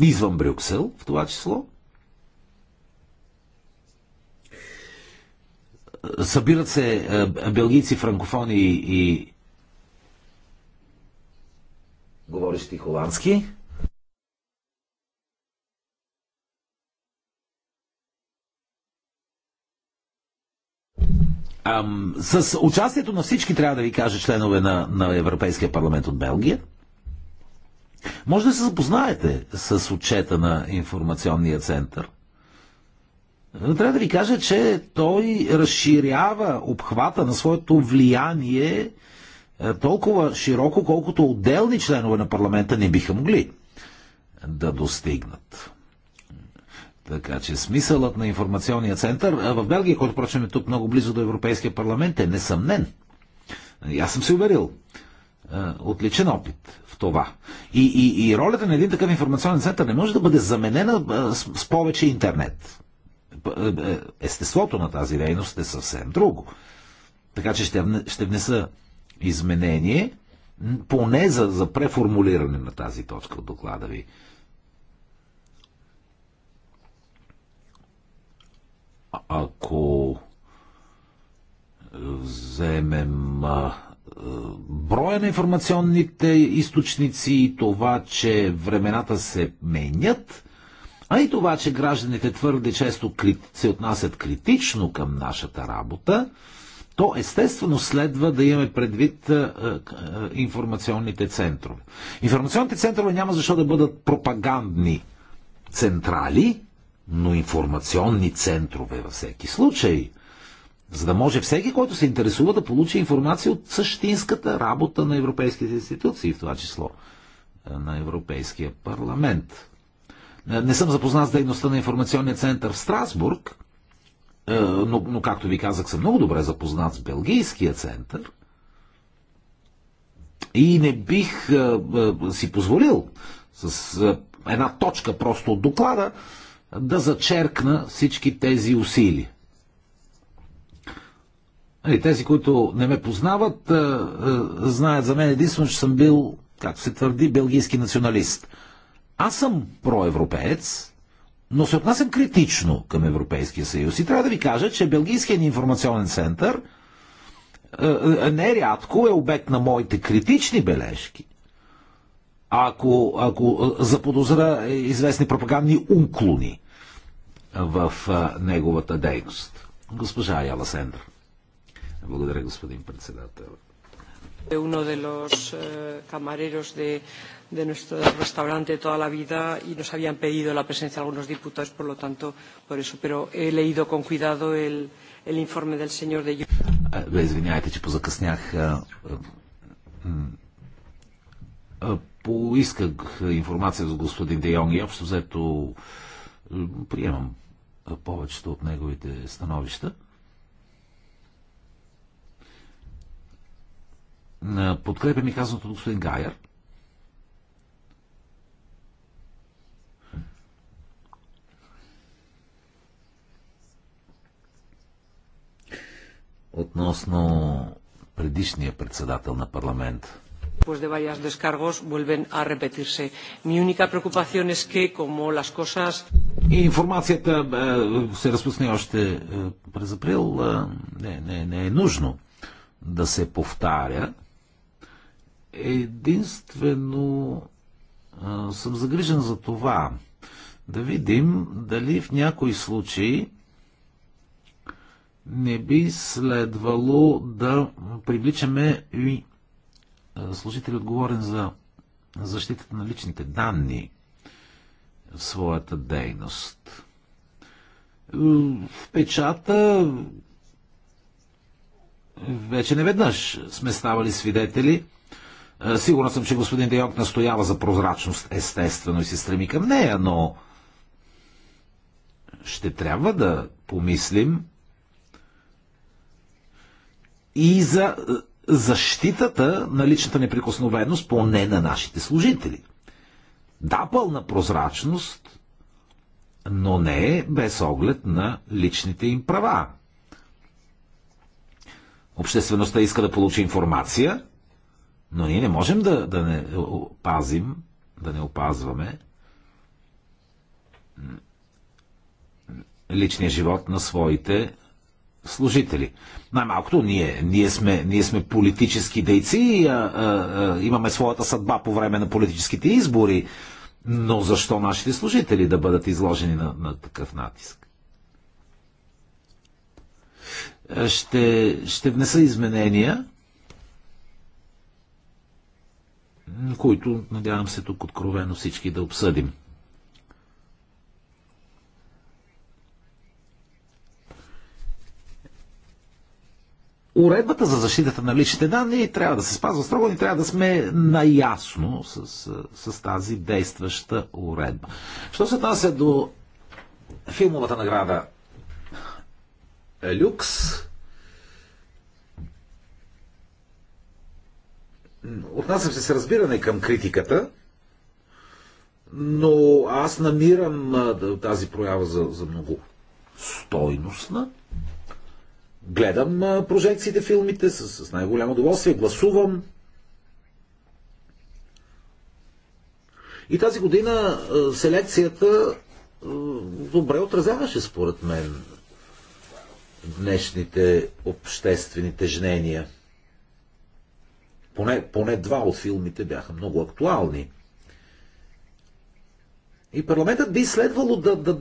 извън Брюксел в това число. Събират се е, белгийци, франкофони и говорещи холандски. Ам, с участието на всички, трябва да ви кажа, членове на, на Европейския парламент от Белгия, може да се запознаете с отчета на информационния център. Трябва да ви кажа, че той разширява обхвата на своето влияние е, толкова широко, колкото отделни членове на парламента не биха могли да достигнат. Така че смисълът на информационния център в Белгия, който прочваме тук много близо до Европейския парламент, е несъмнен. И аз съм се уверил. Отличен опит в това. И, и, и ролята на един такъв информационен център не може да бъде заменена с, с повече интернет. Естеството на тази дейност е съвсем друго. Така че ще, ще внеса изменение, поне за, за преформулиране на тази точка от доклада ви. ако вземем броя на информационните източници и това, че времената се менят, а и това, че гражданите твърде често се отнасят критично към нашата работа, то естествено следва да имаме предвид информационните центрове. Информационните центрове няма защо да бъдат пропагандни централи, но информационни центрове във всеки случай. За да може всеки, който се интересува, да получи информация от същинската работа на европейските институции, в това число е, на Европейския парламент. Е, не съм запознат с дейността на информационния център в Страсбург, е, но, но както ви казах, съм много добре запознат с Белгийския център и не бих а, а, си позволил с а, една точка просто от доклада да зачеркна всички тези усилия. И нали, тези, които не ме познават, знаят за мен единствено, че съм бил, както се твърди, белгийски националист. Аз съм проевропеец, но се отнасям критично към Европейския съюз. И трябва да ви кажа, че Белгийският ни информационен център нерядко е обект на моите критични бележки ако, ако заподозра известни пропагандни уклони в а, неговата дейност. Госпожа Яла Сендър. Благодаря, господин председател. Uno de los camareros de, de nuestro restaurante toda la vida y nos habían pedido la presencia de algunos diputados, por lo tanto, por eso. Pero he leído con cuidado el, el informe del señor de. Извинявайте, че позакъснях поисках информация за господин Де Йонг и общо взето е, приемам повечето от неговите становища. Подкрепя ми казаното от господин Гайер. Относно предишния председател на парламента después de varios descargos vuelven a repetirse. Mi única preocupación es que como las cosas... Информацията е, се разпусне още е, през април. Е, не, не, не е нужно да се повтаря. Единствено съм загрижен за това. Да видим дали в някои случаи не би следвало да привличаме служител е отговорен за защитата на личните данни в своята дейност. В печата вече не веднъж сме ставали свидетели. Сигурен съм, че господин Де настоява за прозрачност, естествено, и се стреми към нея, но ще трябва да помислим и за защитата на личната неприкосновеност поне на нашите служители. Да, пълна прозрачност, но не е без оглед на личните им права. Обществеността иска да получи информация, но ние не можем да, да не опазим, да не опазваме личния живот на своите служители. Най-малкото ние, ние, сме, ние сме политически дейци, а, а, а, имаме своята съдба по време на политическите избори, но защо нашите служители да бъдат изложени на, на такъв натиск? Ще, ще внеса изменения, които, надявам се, тук откровено всички да обсъдим. уредбата за защитата на личните данни трябва да се спазва строго и трябва да сме наясно с, с, с тази действаща уредба. Що се отнася до филмовата награда Люкс, отнасям се с разбиране към критиката, но аз намирам тази проява за, за много стойностна гледам прожекциите, филмите с, с най-голямо удоволствие, гласувам. И тази година селекцията добре отразяваше, според мен, днешните обществени тежнения. Поне, поне два от филмите бяха много актуални. И парламентът би следвало да, да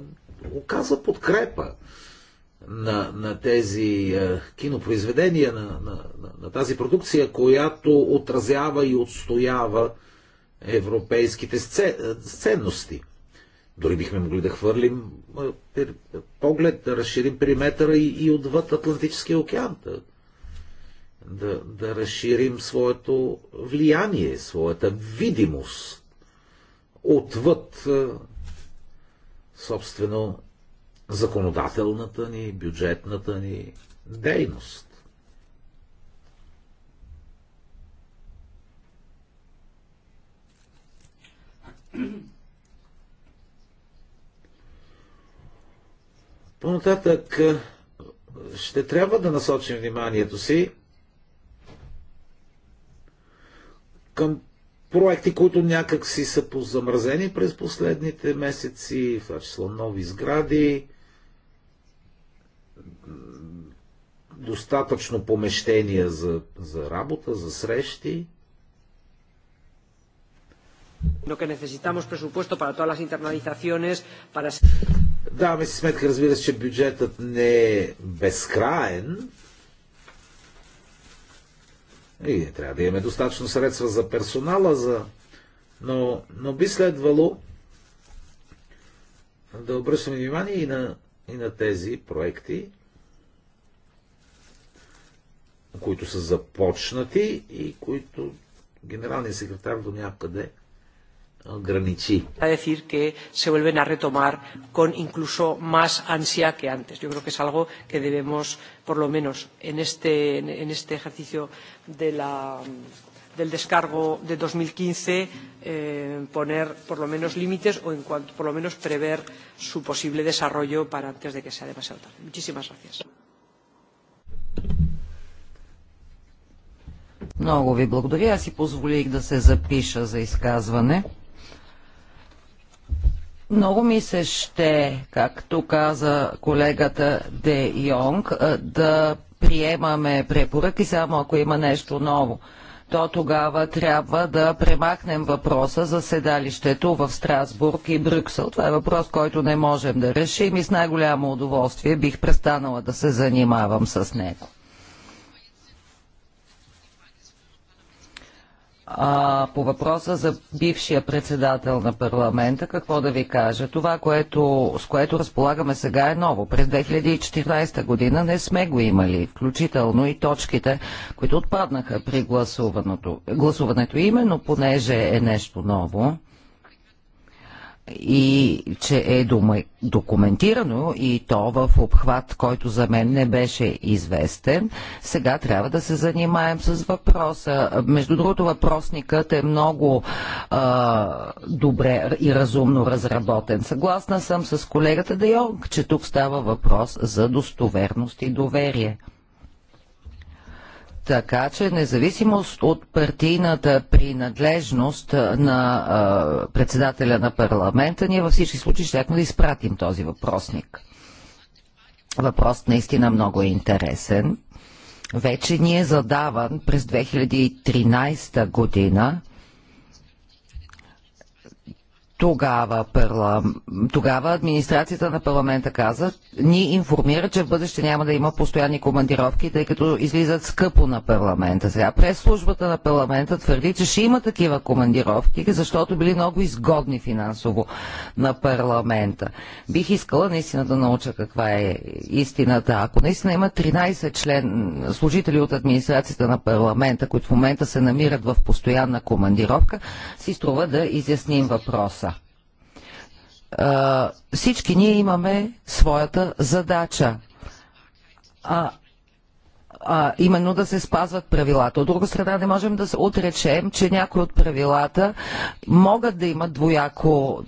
оказва подкрепа на, на тези е, кинопроизведения, на, на, на, на тази продукция, която отразява и отстоява европейските е, ценности. Дори бихме могли да хвърлим е, поглед, да разширим периметъра и, и отвъд Атлантическия океан. Да, да, да разширим своето влияние, своята видимост отвъд е, собствено законодателната ни, бюджетната ни дейност. По-нататък е, ще трябва да насочим вниманието си към проекти, които някак си са позамразени през последните месеци, в това число нови сгради, достатъчно помещения за, за работа, за срещи. Но que necesitamos presupuesto para todas las internalizaciones, para... Даваме си сметка, разбира се, че бюджетът не е безкраен. И трябва да имаме достатъчно средства за персонала, за... Но, но би следвало да обръщаме внимание и на, и на тези проекти, които са започнати и които генералният секретар до някъде граничи. A decir que se vuelven a retomar con incluso más ansia que antes. Yo creo que es algo que debemos, por lo menos en este, en este ejercicio de la, del descargo de 2015, eh, poner por lo menos límites o en cuanto, por lo menos prever su posible desarrollo para antes de que sea demasiado tarde. Muchísimas gracias. Много ви благодаря. Аз си позволих да се запиша за изказване. Много ми се ще, както каза колегата Де Йонг, да приемаме препоръки само ако има нещо ново. То тогава трябва да премахнем въпроса за седалището в Страсбург и Брюксел. Това е въпрос, който не можем да решим и с най-голямо удоволствие бих престанала да се занимавам с него. А, по въпроса за бившия председател на парламента, какво да ви кажа? Това, което, с което разполагаме сега е ново. През 2014 година не сме го имали, включително и точките, които отпаднаха при гласуването. гласуването именно понеже е нещо ново и че е документирано и то в обхват, който за мен не беше известен. Сега трябва да се занимаем с въпроса. Между другото, въпросникът е много а, добре и разумно разработен. Съгласна съм с колегата Де че тук става въпрос за достоверност и доверие. Така че независимост от партийната принадлежност на а, председателя на парламента, ние във всички случаи ще да изпратим този въпросник. Въпрос наистина много е интересен. Вече ни е задаван през 2013 година тогава, парла... Тогава администрацията на парламента каза, ни информира, че в бъдеще няма да има постоянни командировки, тъй като излизат скъпо на парламента. Сега през службата на парламента твърди, че ще има такива командировки, защото били много изгодни финансово на парламента. Бих искала наистина да науча каква е истината. Ако наистина има 13 член служители от администрацията на парламента, които в момента се намират в постоянна командировка, си струва да изясним въпроса всички ние имаме своята задача. А, а, именно да се спазват правилата. От друга страна не можем да се отречем, че някои от правилата могат да имат двояко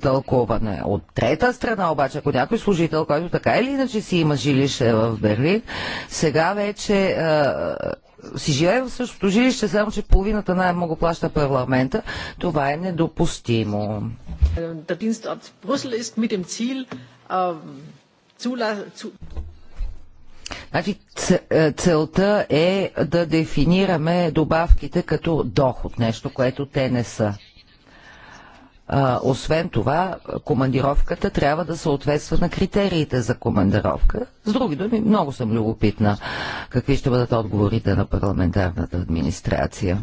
тълкуване. От трета страна обаче, ако някой служител, който така или иначе си има жилище в Берлин, сега вече а, си живее в същото жилище, само че половината най-много плаща парламента, това е недопустимо. Äh, der Dienstort Brüssel ist mit dem Ziel, ähm, Значи е, целта е да дефинираме добавките като доход, нещо, което те не са. освен това, командировката трябва да съответства на критериите за командировка. С други думи, много съм любопитна какви ще бъдат отговорите на парламентарната администрация.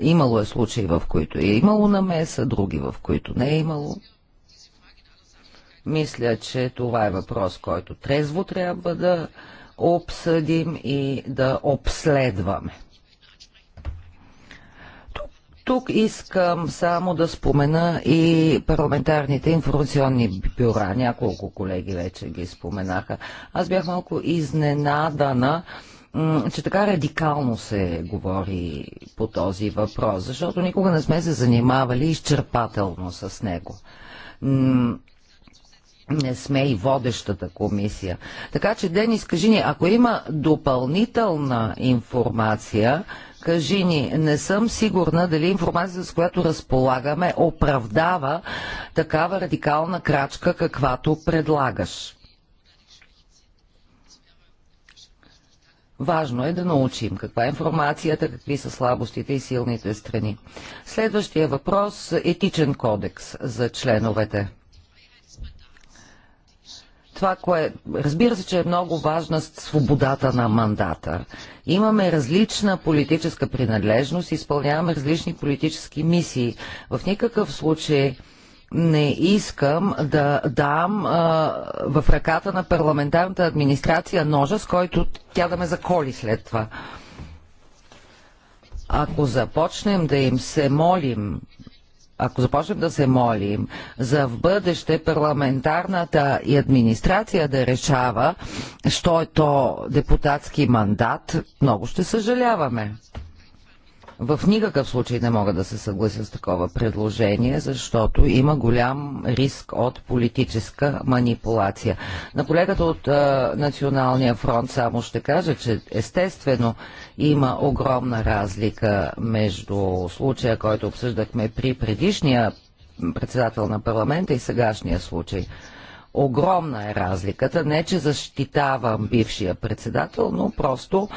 Имало е случаи, в които е имало намеса, други, в които не е имало. Мисля, че това е въпрос, който трезво трябва да обсъдим и да обследваме. Тук, искам само да спомена и парламентарните информационни бюра. Няколко колеги вече ги споменаха. Аз бях малко изненадана, че така радикално се говори по този въпрос, защото никога не сме се занимавали изчерпателно с него. Не сме и водещата комисия. Така че, Денис, кажи ни, ако има допълнителна информация, кажи ни, не съм сигурна дали информацията, с която разполагаме, оправдава такава радикална крачка, каквато предлагаш. Важно е да научим каква е информацията, какви са слабостите и силните страни. Следващия въпрос – етичен кодекс за членовете. Това, кое, разбира се, че е много важна свободата на мандата. Имаме различна политическа принадлежност, изпълняваме различни политически мисии. В никакъв случай – не искам да дам а, в ръката на парламентарната администрация ножа, с който тя да ме заколи след това. Ако започнем да им се молим ако започнем да се молим за в бъдеще парламентарната и администрация да решава, що е то депутатски мандат, много ще съжаляваме. В никакъв случай не мога да се съглася с такова предложение, защото има голям риск от политическа манипулация. На колегата от а, Националния фронт само ще кажа, че естествено има огромна разлика между случая, който обсъждахме при предишния председател на парламента и сегашния случай. Огромна е разликата. Не, че защитавам бившия председател, но просто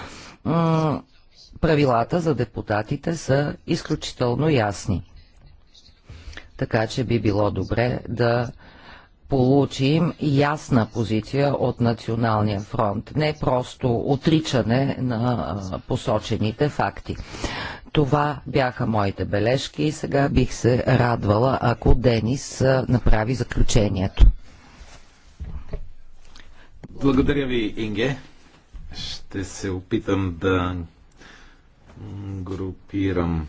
правилата за депутатите са изключително ясни. Така че би било добре да получим ясна позиция от Националния фронт, не просто отричане на посочените факти. Това бяха моите бележки и сега бих се радвала, ако Денис направи заключението. Благодаря ви, Инге. Ще се опитам да групирам,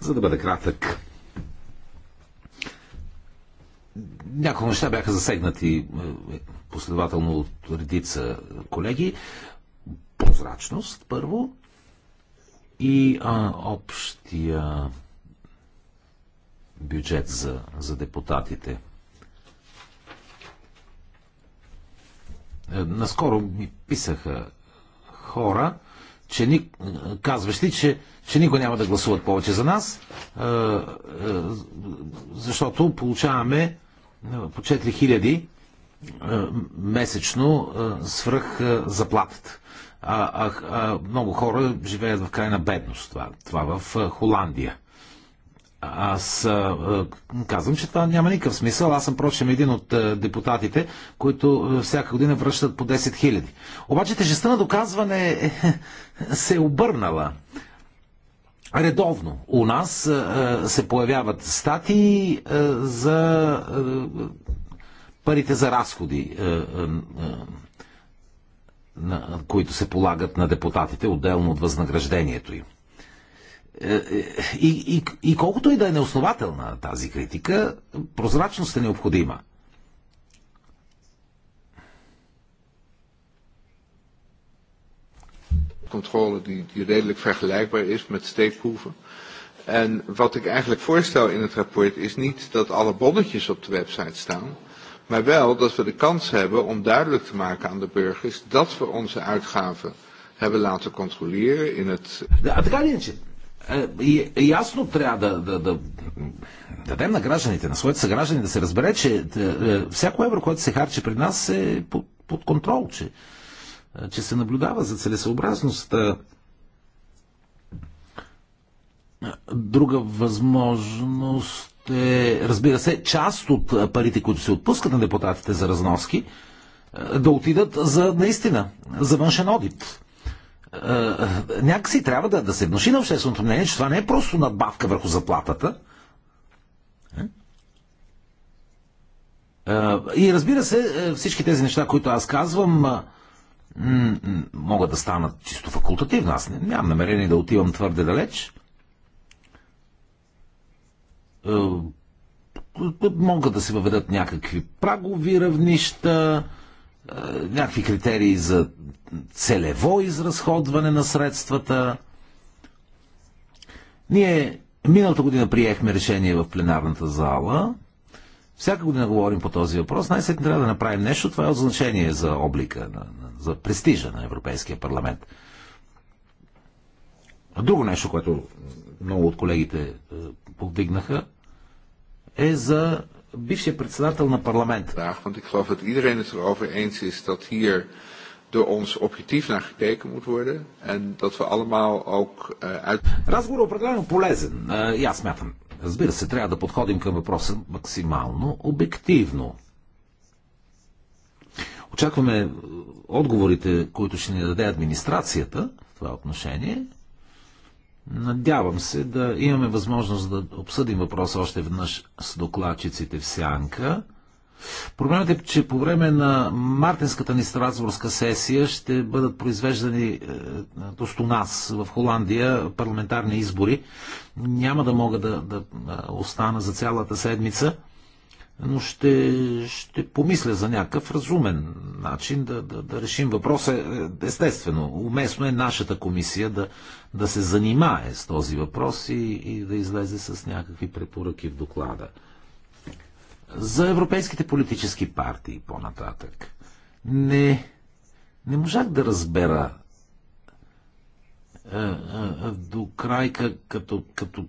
за да бъда кратък. Няколко неща бяха засегнати е, последователно от редица колеги. Прозрачност, първо, и а, общия бюджет за, за депутатите. Е, наскоро ми писаха хора, че ни, казващи, че, че никой няма да гласуват повече за нас, защото получаваме по 4000 месечно свръх заплатата. А, а, а много хора живеят в крайна бедност. Това, това в Холандия. Аз казвам, че това няма никакъв смисъл. Аз съм, прочим, един от депутатите, които всяка година връщат по 10 хиляди. Обаче тежестта на доказване се е обърнала. Редовно у нас се появяват статии за парите за разходи, които се полагат на депутатите, отделно от възнаграждението им. И, и, и колкото и да е неоснователна тази критика, прозрачност е необходима. controle die, die redelijk vergelijkbaar is met steekproeven. En wat ik eigenlijk voorstel in het rapport is niet dat alle bonnetjes op de website staan, maar wel dat we de kans hebben om duidelijk te maken aan de burgers dat we onze uitgaven hebben laten controleren in het. Ja, het kan niet. Е, ясно трябва да, да, да дадем на гражданите, на своите съграждани да се разбере, че е, е, всяко евро, което се харчи при нас е под, под контрол, че, че се наблюдава за целесообразност. Друга възможност е, разбира се, част от парите, които се отпускат на депутатите за разноски, да отидат за наистина, за външен одит е, е, някакси трябва да, да се внуши на общественото мнение, че това не е просто надбавка върху заплатата. Е, и разбира се, всички тези неща, които аз казвам, могат да станат чисто факултативно. Аз нямам намерение да отивам твърде далеч. Могат да се въведат някакви прагови равнища, е, някакви критерии за целево изразходване на средствата. Ние миналата година приехме решение в пленарната зала. Всяка година говорим по този въпрос. Най-сетне трябва да направим нещо. Това е от значение за облика, за престижа на Европейския парламент. Друго нещо, което много от колегите е, повдигнаха, е за бившия председател на парламент. Want ik geloof dat iedereen het erover eens is dat hier door ons objectief naar gekeken moet worden en dat we allemaal ook uh, uit... Разговор е определено полезен. Uh, и аз смятам, разбира се, трябва да подходим към въпроса максимално обективно. Очакваме е, отговорите, които ще ни даде администрацията в това отношение – Надявам се да имаме възможност да обсъдим въпроса още веднъж с докладчиците в Сянка. Проблемът е, че по време на мартинската ни страсбургска сесия ще бъдат произвеждани е, точно нас в Холандия парламентарни избори. Няма да мога да, да е, остана за цялата седмица но ще, ще помисля за някакъв разумен начин да, да, да решим въпроса. Естествено, уместно е нашата комисия да, да се занимае с този въпрос и, и да излезе с някакви препоръки в доклада. За европейските политически партии по-нататък. Не, не можах да разбера е, е, до край като, като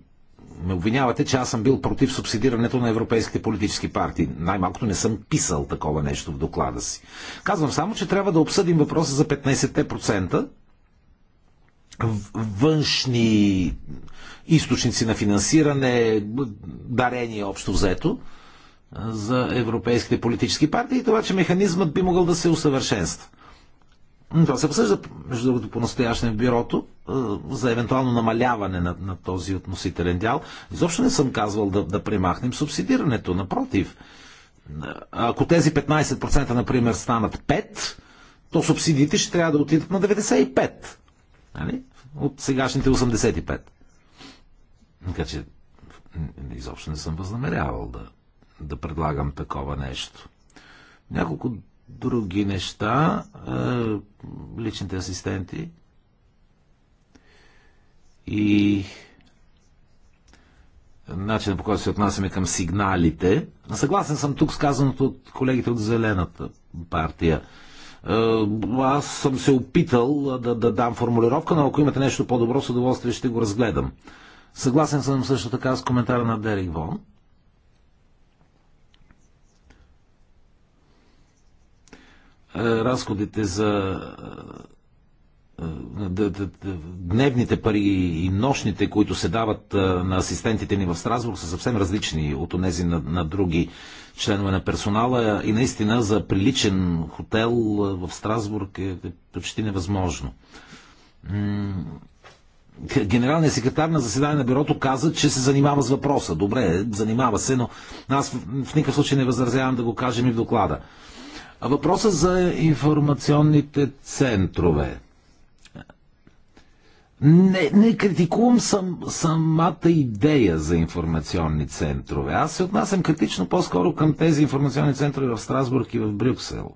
ме обвинявате, че аз съм бил против субсидирането на европейските политически партии. Най-малкото не съм писал такова нещо в доклада си. Казвам само, че трябва да обсъдим въпроса за 15% външни източници на финансиране, дарение общо взето за европейските политически партии и това, че механизмът би могъл да се усъвършенства. Това се обсъжда, между другото, по настояще в бюрото, за евентуално намаляване на, на този относителен дял. Изобщо не съм казвал да, да примахнем субсидирането. Напротив, ако тези 15% например станат 5, то субсидиите ще трябва да отидат на 95. Нали? От сегашните 85. Така че изобщо не съм възнамерявал да, да предлагам такова нещо. Няколко други неща, е, личните асистенти и начинът по който се отнасяме към сигналите. Съгласен съм тук с казаното от колегите от Зелената партия. Е, аз съм се опитал да, да дам формулировка, но ако имате нещо по-добро, с удоволствие ще го разгледам. Съгласен съм също така с коментара на Дерик Вон Е, разходите за е, е, дневните пари и нощните, които се дават на асистентите ни в Страсбург, са съвсем различни от тези на, на други членове на персонала и наистина за приличен хотел в Страсбург е, е почти невъзможно. Генералният секретар на заседание на бюрото каза, че се занимава с въпроса. Добре, занимава се, но аз в никакъв случай не възразявам да го кажем и в доклада. Въпроса за информационните центрове. Не, не критикувам сам, самата идея за информационни центрове. Аз се отнасям критично по-скоро към тези информационни центрове в Страсбург и в Брюксел.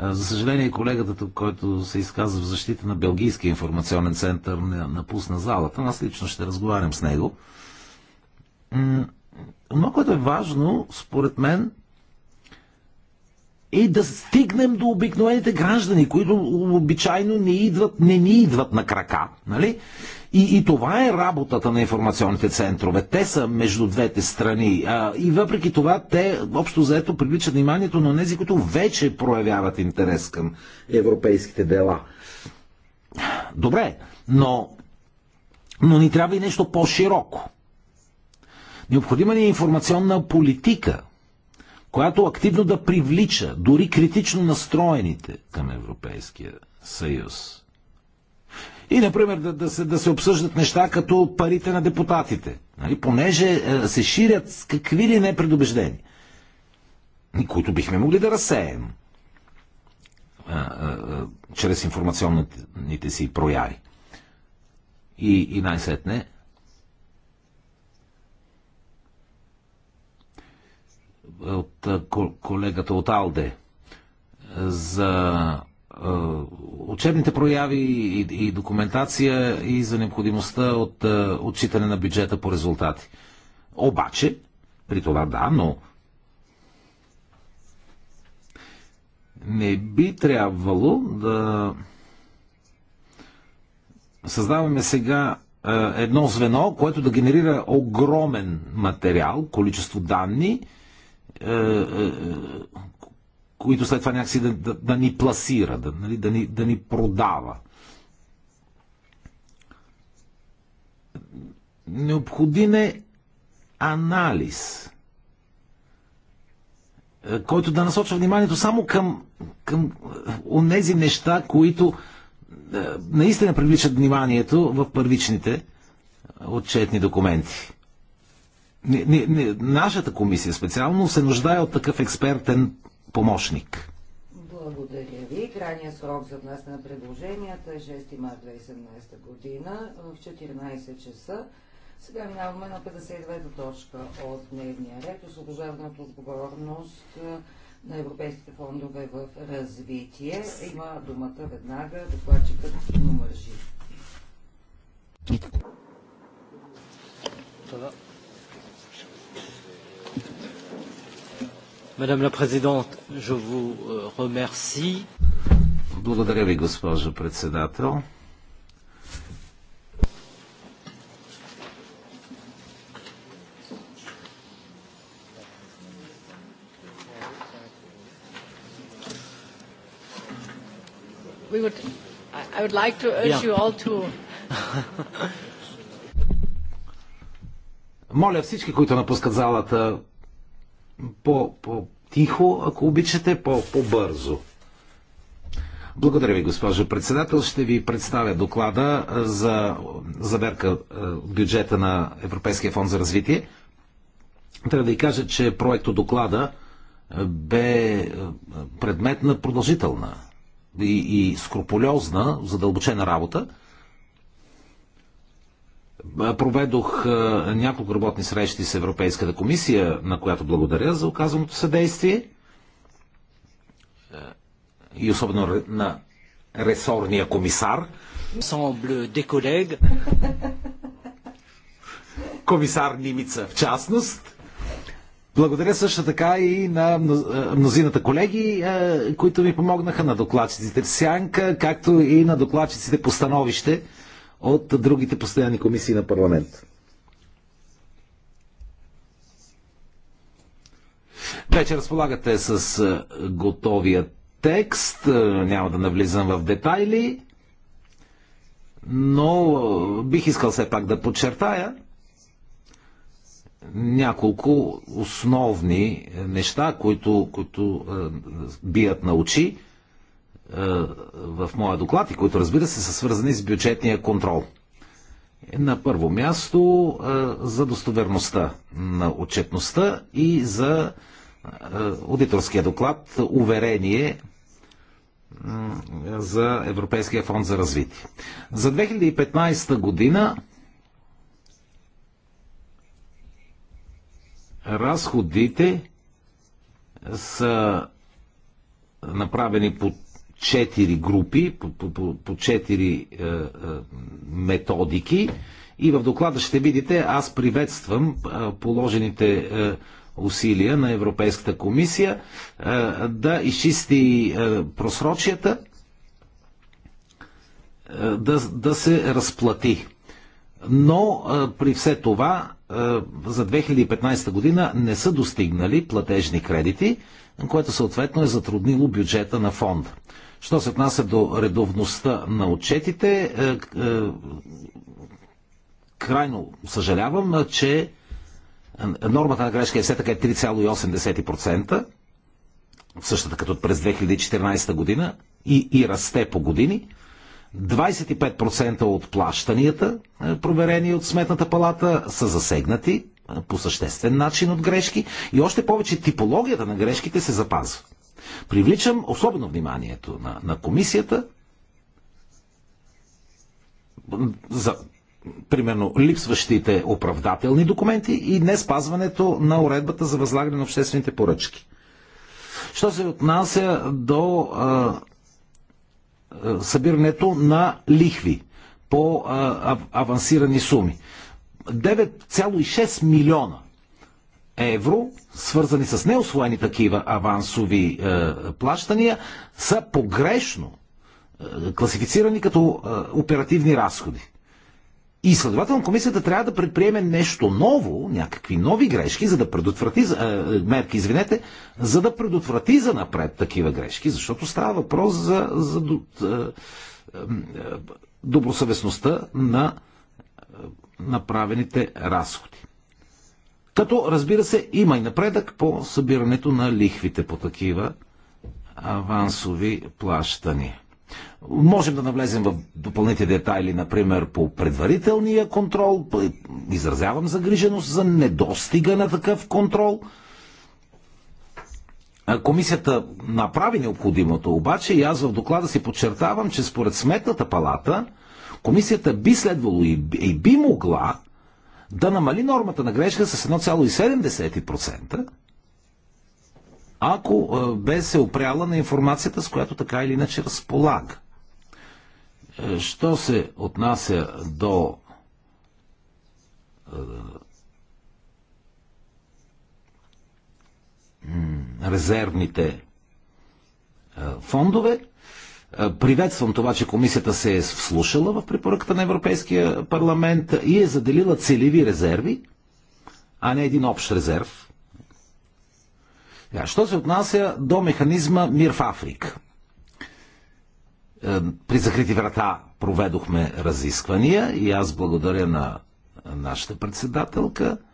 За съжаление, колегата тук, който се изказа в защита на Белгийския информационен център, напусна залата. Аз лично ще разговарям с него. Но, което е важно, според мен, е да стигнем до обикновените граждани, които обичайно не, идват, не ни идват на крака. Нали? И, и това е работата на информационните центрове. Те са между двете страни. А, и въпреки това, те общо заето привличат вниманието на тези, които вече проявяват интерес към европейските дела. Добре, но, но ни трябва и нещо по-широко. Необходима ни е информационна политика, която активно да привлича дори критично настроените към Европейския съюз. И, например, да, да, се, да се обсъждат неща като парите на депутатите. Нали? Понеже е, се ширят с какви ли не предубеждени, които бихме могли да разсеем а, е, а, е, е, чрез информационните си прояви. И, и най-сетне, от е, колегата от Алде е, за е, учебните прояви и документация и за необходимостта от отчитане на бюджета по резултати. Обаче, при това да, но не би трябвало да създаваме сега едно звено, което да генерира огромен материал, количество данни, е, е, е, които след това някакси да, да, да ни пласира, да, нали, да, ни, да ни продава. Необходим е анализ, който да насочва вниманието само към, към онези неща, които наистина привличат вниманието в първичните отчетни документи не, не, не, нашата комисия специално се нуждае от такъв експертен помощник. Благодаря ви. Крайният срок за днес на предложенията е 6 март 2017 година в 14 часа. Сега минаваме на 52-та точка от дневния ред. Освобождаването отговорност на европейските фондове в развитие. Има думата веднага докладчикът Тино Мържи. Madame la Présidente, je vous remercie. Благодаря ви, госпожо председател. We would, I would like to urge yeah. you all to... Моля всички, които напускат залата, по-тихо, -по ако обичате, по-бързо. -по Благодаря ви, госпожо председател. Ще ви представя доклада е, за заверка е, бюджета на Европейския фонд за развитие. Трябва да ви кажа, че проекто доклада е, бе предмет на продължителна и, и скрупулезна, задълбочена работа проведох няколко работни срещи с Европейската комисия, на която благодаря за оказаното съдействие и особено на ресорния комисар. Комисар Нимица в частност. Благодаря също така и на мнозината колеги, които ми помогнаха, на докладчиците в Сянка, както и на докладчиците по становище, от другите постоянни комисии на парламент. Вече разполагате с е, готовия текст, е, няма да навлизам в детайли, но е, бих искал все пак да подчертая няколко основни неща, които, които бият на очи е, в моя доклад и които разбира се са свързани с бюджетния контрол. Е, на първо място е, за достоверността на отчетността и за аудиторския доклад уверение за Европейския фонд за развитие. За 2015 година разходите са направени под четири групи, по, по, по, по четири е, е, методики. И в доклада ще видите, аз приветствам е, положените е, усилия на Европейската комисия е, да изчисти е, просрочията, е, да, да се разплати. Но е, при все това е, за 2015 година не са достигнали платежни кредити, което съответно е затруднило бюджета на фонда. Що се отнася до редовността на отчетите, е, е, крайно съжалявам, че нормата на грешка е все така 3,8%, е същата като през 2014 година и, и расте по години. 25% от плащанията, проверени от Сметната палата, са засегнати по съществен начин от грешки и още повече типологията на грешките се запазва. Привличам особено вниманието на, на комисията за примерно липсващите оправдателни документи и не спазването на уредбата за възлагане на обществените поръчки. Що се отнася до а, събирането на лихви по а, авансирани суми. 9,6 милиона евро, свързани с неосвоени такива авансови е, плащания, са погрешно е, класифицирани като е, оперативни разходи. И следователно комисията трябва да предприеме нещо ново, някакви нови грешки, за да предотврати, е, мерки, извинете, за да предотврати за напред такива грешки, защото става въпрос за, за е, е, добросъвестността на е, направените разходи. Като, разбира се, има и напредък по събирането на лихвите по такива авансови плащания. Можем да навлезем в допълните детайли, например, по предварителния контрол. Изразявам загриженост за недостига на такъв контрол. Комисията направи необходимото, обаче и аз в доклада си подчертавам, че според Сметната палата комисията би следвало и би могла да намали нормата на грешка с 1,7%, ако е, бе се опряла на информацията, с която така или иначе разполага. Е, що се отнася до е, резервните фондове, е, приветствам това, че комисията се е вслушала в препоръката на Европейския парламент и е заделила целеви резерви, а не един общ резерв. Е, що се отнася до механизма Мир в Африка? Е, при закрити врата проведохме разисквания и аз благодаря на нашата председателка –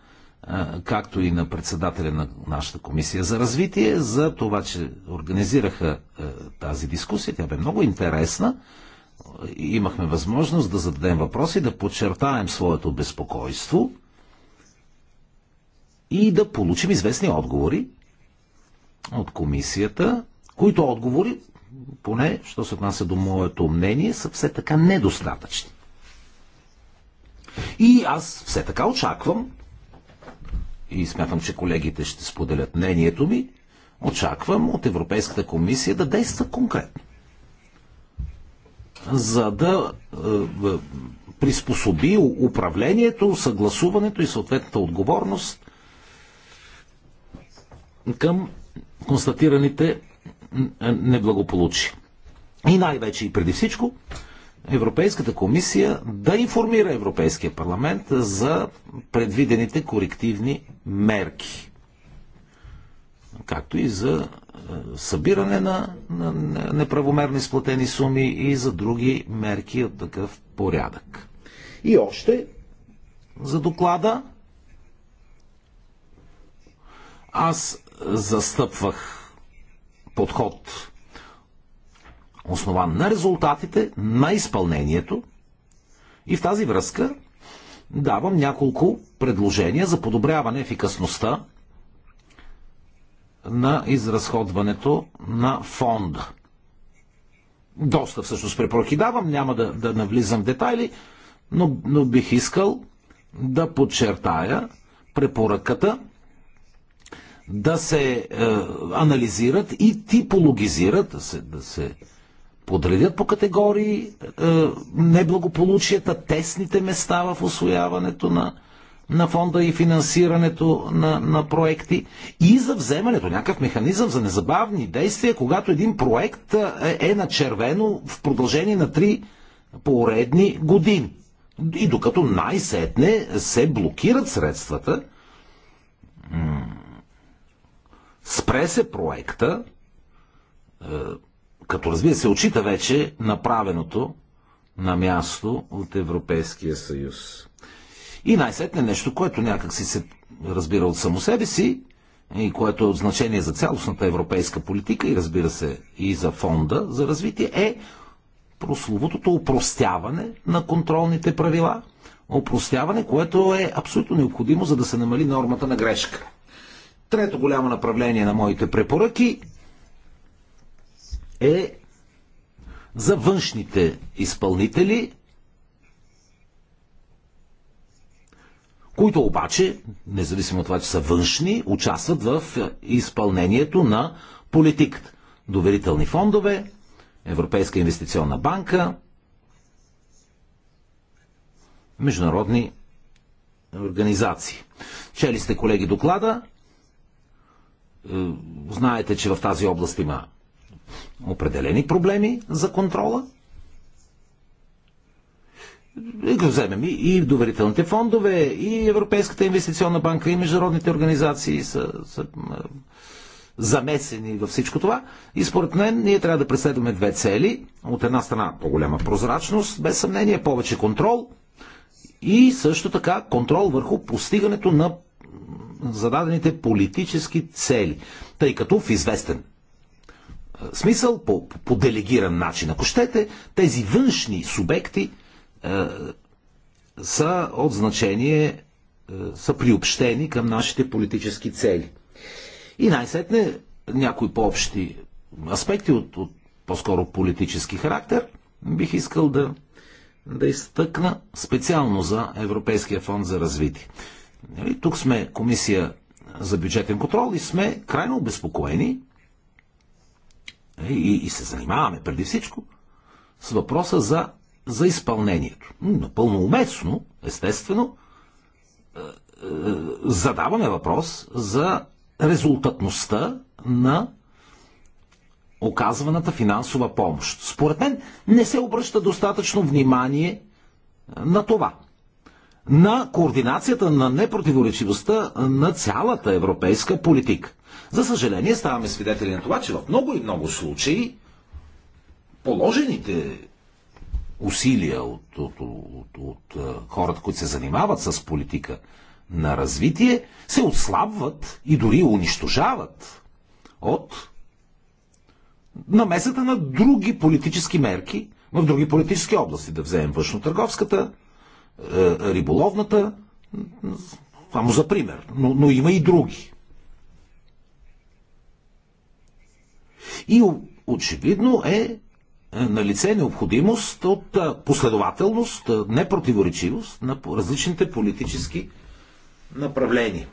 както и на председателя на нашата комисия за развитие, за това, че организираха тази дискусия. Тя бе много интересна. Имахме възможност да зададем въпроси, да подчертаем своето безпокойство и да получим известни отговори от комисията, които отговори, поне, що се отнася до моето мнение, са все така недостатъчни. И аз все така очаквам и смятам, че колегите ще споделят мнението ми, очаквам от Европейската комисия да действа конкретно. За да е, приспособи управлението, съгласуването и съответната отговорност към констатираните е, неблагополучия. И най-вече и преди всичко Европейската комисия да информира Европейския парламент за предвидените корективни мерки, както и за е, събиране на, неправомерни неправомерно изплатени суми и за други мерки от такъв порядък. И още за доклада. Аз застъпвах подход основан на резултатите, на изпълнението. И в тази връзка давам няколко предложения за подобряване ефикасността на изразходването на фонда. Доста всъщност препоръки давам, няма да, да навлизам в детайли, но, но бих искал да подчертая препоръката да се е, анализират и типологизират, да се, да се подредят по категории е, неблагополучията, тесните места в освояването на, на фонда и финансирането на, на проекти и за вземането, някакъв механизъм за незабавни действия, когато един проект е, е на червено в продължение на три поредни години. И докато най-сетне се блокират средствата, спре се проекта, е, като разбира се, очита вече направеното на място от Европейския съюз. И най-сетне нещо, което някак си се разбира от само себе си и което е от значение за цялостната европейска политика и разбира се и за фонда за развитие е прословутото упростяване на контролните правила. Упростяване, което е абсолютно необходимо, за да се намали нормата на грешка. Трето голямо направление на моите препоръки е за външните изпълнители, които обаче, независимо от това, че са външни, участват в изпълнението на политиката. Доверителни фондове, Европейска инвестиционна банка, международни организации. Чели сте, колеги, доклада. Е, знаете, че в тази област има определени проблеми за контрола. И го вземем и доверителните фондове, и Европейската инвестиционна банка, и международните организации са, са замесени във всичко това. И според мен ние трябва да преследваме две цели. От една страна по-голяма прозрачност, без съмнение повече контрол и също така контрол върху постигането на зададените политически цели. Тъй като в известен смисъл, по, по делегиран начин. Ако щете, тези външни субекти е, са от значение, е, са приобщени към нашите политически цели. И най-сетне някои по-общи аспекти от, от по-скоро политически характер бих искал да, да изтъкна специално за Европейския фонд за развитие. Нали, тук сме комисия за бюджетен контрол и сме крайно обезпокоени Нали, и, и се занимаваме преди всичко с въпроса за, за изпълнението. Напълно уместно, естествено, е, е, задаваме въпрос за резултатността на оказваната финансова помощ. Според мен не се обръща достатъчно внимание на това. На координацията на непротиворечивостта на цялата европейска политика. За съжаление, ставаме свидетели на това, че в много и много случаи положените усилия от, от, от, от, от хората, които се занимават с политика на развитие, се отслабват и дори унищожават от намесата на други политически мерки в други политически области. Да вземем външно-търговската, е, риболовната, само за пример, но, но има и други. И очевидно е, е на лице необходимост от е, последователност, е, непротиворечивост на различните политически направления.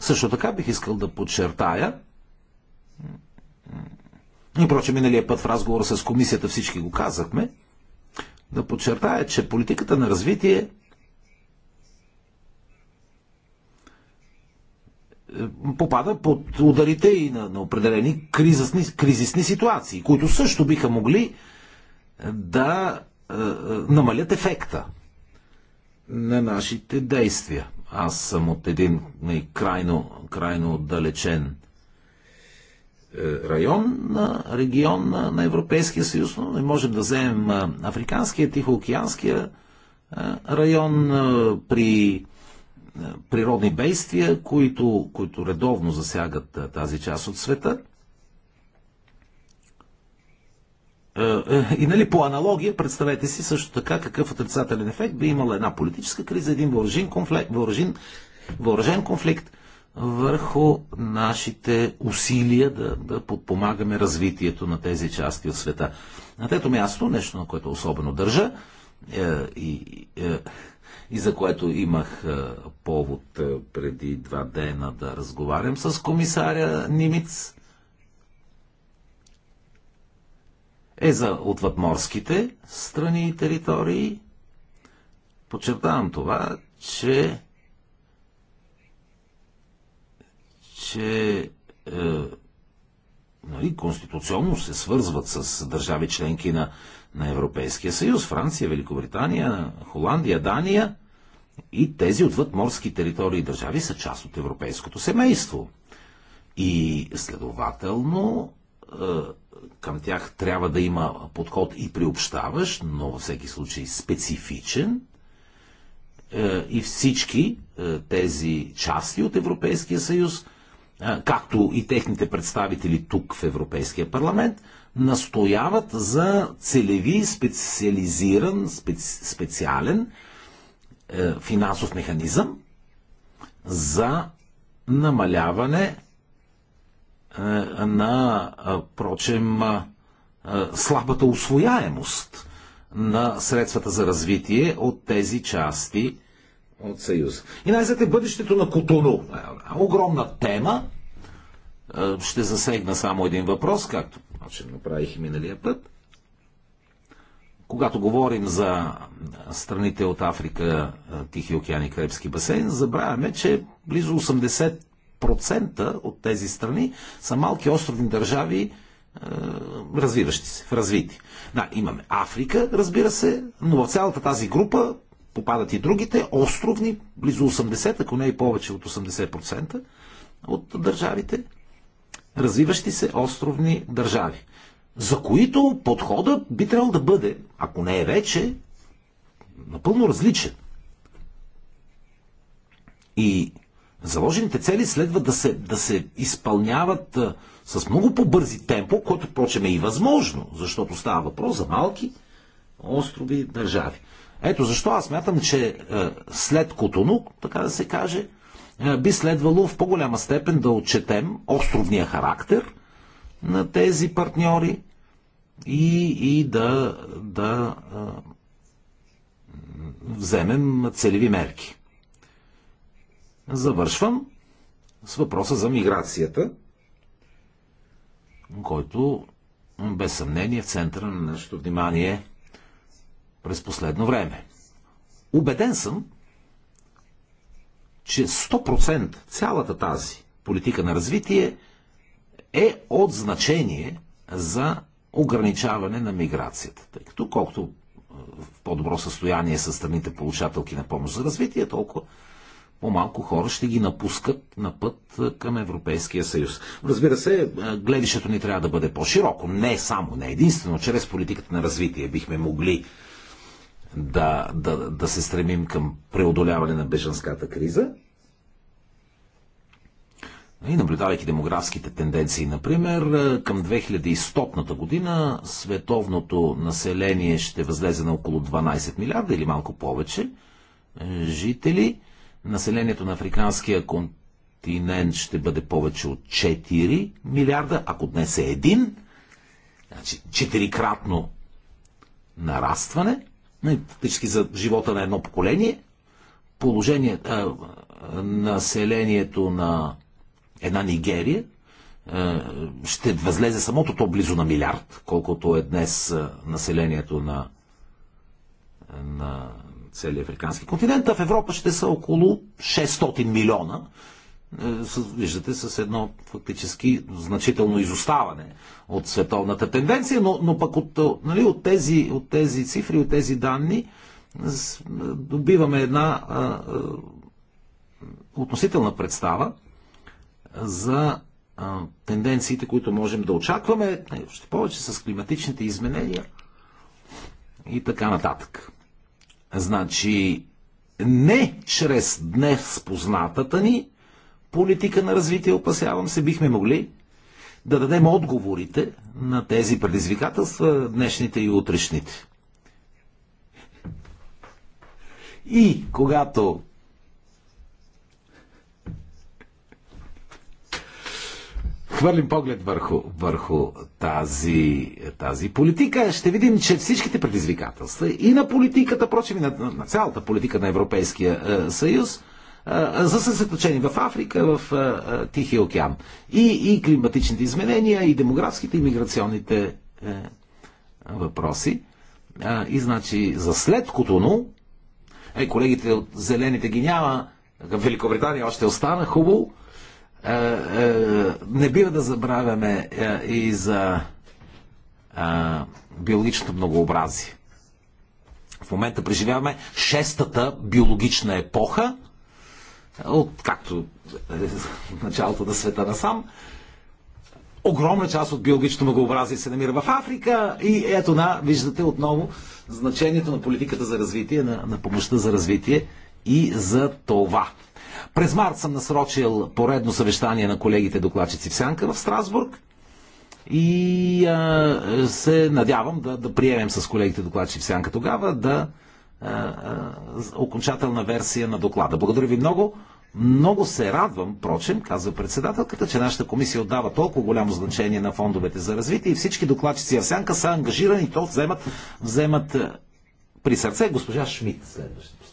Също така бих искал да подчертая, и проче миналия път в разговора с комисията всички го казахме, да подчертая, че политиката на развитие попада под ударите и на, на определени кризисни, кризисни ситуации, които също биха могли е, да е, е, намалят ефекта на нашите действия. Аз съм от един нали, крайно, крайно отдалечен е, район, на регион на, на Европейския съюз, но не можем да вземем Африканския, Тихоокеанския район при е, природни бействия, които, които редовно засягат е, тази част от света. Е, и нали, по аналогия, представете си също така какъв отрицателен ефект би имала една политическа криза, един въоръжен конфликт, въоръжен, въоръжен конфликт върху нашите усилия да, да подпомагаме развитието на тези части от света. На трето място, нещо на което особено държа, е, е, и за което имах е, повод е, преди два дена да разговарям с комисаря Нимиц. Е за отвъдморските страни и територии. Подчертавам това, че че е, нали, конституционно се свързват с държави членки на, на Европейския съюз, Франция, Великобритания, Холандия, Дания, и тези отвъдморски територии и държави са част от европейското семейство. И следователно е, към тях трябва да има подход и приобщаващ, но във всеки случай специфичен. Е, и всички е, тези части от Европейския съюз, както и техните представители тук в Европейския парламент, настояват за целеви, специализиран, специ, специален е, финансов механизъм за намаляване е, на, е, прочем, слабата освояемост на средствата за развитие от тези части от Съюза. И най-зате бъдещето на Котону. Огромна тема. Ще засегна само един въпрос, както направих и миналия път. Когато говорим за страните от Африка, е, Тихи океан и Карибски басейн, забравяме, че близо 80% от тези страни са малки островни държави, е, развиващи се, в развити. Да, имаме Африка, разбира се, но в цялата тази група попадат и другите островни, близо 80, ако не и повече от 80% от държавите, развиващи се островни държави за които подходът би трябвало да бъде, ако не е вече, напълно различен. И заложените цели следва да се, да се изпълняват а, с много по-бързи темпо, което, впрочем, е и възможно, защото става въпрос за малки острови държави. Ето защо аз мятам, че а, е, след Котону, така да се каже, а, е, би следвало в по-голяма степен да отчетем островния характер – на тези партньори и, и да, да а, вземем целеви мерки. Завършвам с въпроса за миграцията, който без съмнение е в центъра на нашето внимание през последно време. Убеден съм, че 100% цялата тази политика на развитие – е от значение за ограничаване на миграцията. Тъй като колкото е, в по-добро състояние са страните получателки на помощ за развитие, толкова по-малко хора ще ги напускат на път е, към Европейския съюз. Разбира се, е, гледището ни трябва да бъде по-широко. Не само, не единствено, чрез политиката на развитие бихме могли да, да, да се стремим към преодоляване на бежанската криза, и наблюдавайки демографските тенденции, например, към 2100 година световното население ще възлезе на около 12 милиарда или малко повече е, жители. Населението на африканския континент ще бъде повече от 4 милиарда, ако днес е 1. Значи четирикратно нарастване, нали, фактически за живота на едно поколение. Положение, а, населението на една Нигерия е, ще възлезе самото то близо на милиард, колкото е днес е, населението на, е, на целия африкански континент, а в Европа ще са около 600 милиона. Виждате, с едно фактически значително изоставане от световната тенденция, но, но пък от, нали, от, тези, от тези цифри, от тези данни добиваме една а, а, относителна представа за тенденциите, които можем да очакваме, още повече с климатичните изменения и така нататък. Значи, не чрез днес познатата ни политика на развитие, опасявам се, бихме могли да дадем отговорите на тези предизвикателства, днешните и утрешните. И когато хвърлим поглед върху, върху тази, тази политика, ще видим, че всичките предизвикателства и на политиката, прочим и на, на цялата политика на Европейския е, съюз, за е, съсредоточени в Африка, в е, е, Тихия океан. И, и климатичните изменения, и демографските, и миграционните е, въпроси. А, и значи за след Котону, е, колегите от Зелените ги няма, Великобритания още остана, хубаво, е, е, не бива да забравяме е, и за биологичното многообразие. В момента преживяваме шестата биологична епоха, от както е, началото на света насам. Огромна част от биологичното многообразие се намира в Африка и ето на, виждате отново значението на политиката за развитие, на, на помощта за развитие и за това през март съм насрочил поредно съвещание на колегите докладчици в Сянка в Страсбург и а, се надявам да, да приемем с колегите докладчици в Сянка тогава да а, а, окончателна версия на доклада. Благодаря ви много. Много се радвам, прочем, казва председателката, че нашата комисия отдава толкова голямо значение на фондовете за развитие и всички докладчици в сянка са ангажирани, то вземат, вземат при сърце госпожа Шмидт. Следващия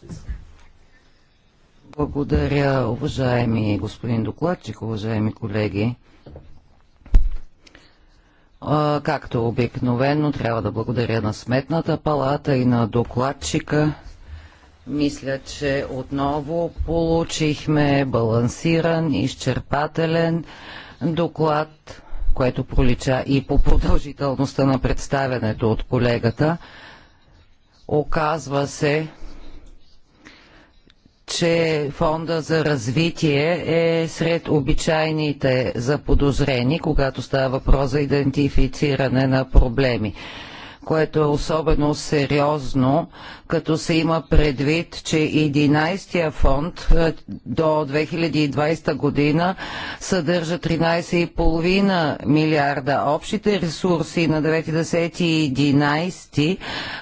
благодаря, уважаеми господин докладчик, уважаеми колеги. Както обикновено, трябва да благодаря на Сметната палата и на докладчика. Мисля, че отново получихме балансиран, изчерпателен доклад, което пролича и по продължителността на представянето от колегата. Оказва се, че фонда за развитие е сред обичайните заподозрени, когато става въпрос за идентифициране на проблеми което е особено сериозно, като се има предвид, че 11-я фонд е, до 2020 година съдържа 13,5 милиарда. Общите ресурси на 90 и 11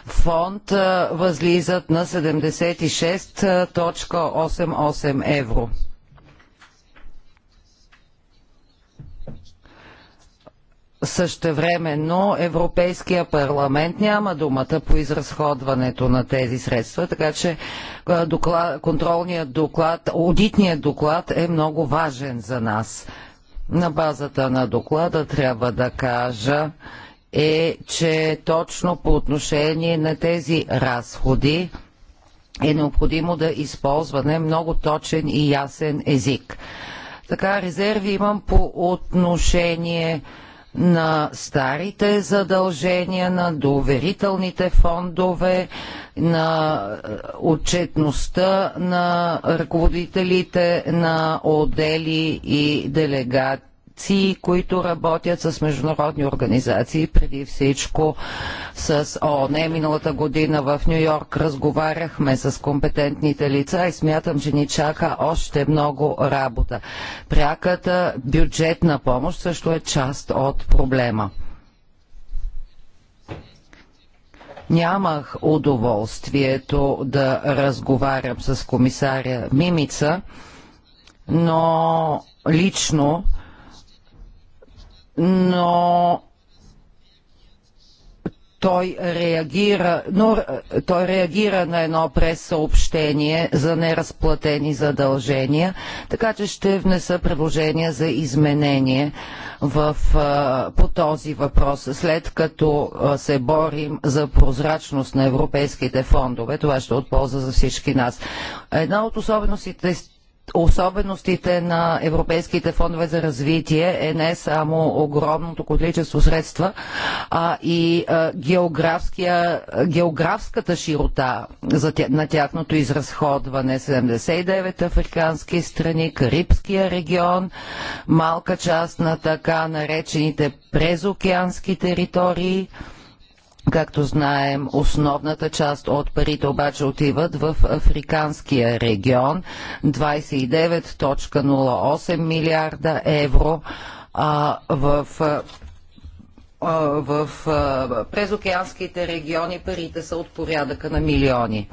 фонд е, възлизат на 76,88 е, евро. Същевременно Европейския парламент няма думата по изразходването на тези средства, така че доклад, контролният доклад, аудитният доклад е много важен за нас. На базата на доклада трябва да кажа, е, че точно по отношение на тези разходи е необходимо да използваме много точен и ясен език. Така, резерви имам по отношение на старите задължения на доверителните фондове, на е, отчетността на ръководителите на отдели и делегати институции, които работят с международни организации, преди всичко с ООН. Миналата година в Нью Йорк разговаряхме с компетентните лица и смятам, че ни чака още много работа. Пряката бюджетна помощ също е част от проблема. нямах удоволствието да разговарям с комисаря Мимица, но лично но той реагира, но е, той реагира на едно пресъобщение съобщение за неразплатени задължения, така че ще внеса предложение за изменение в, е, по този въпрос. След като е, се борим за прозрачност на европейските фондове, това ще отполза за всички нас. Една от особеностите особеностите на европейските фондове за развитие е не само огромното количество средства, а и географската широта на тяхното изразходване. 79 африкански страни, Карибския регион, малка част на така наречените презокеански територии – Както знаем, основната част от парите обаче отиват в африканския регион 29.08 милиарда евро, а в в презокеанските региони парите са от порядъка на милиони.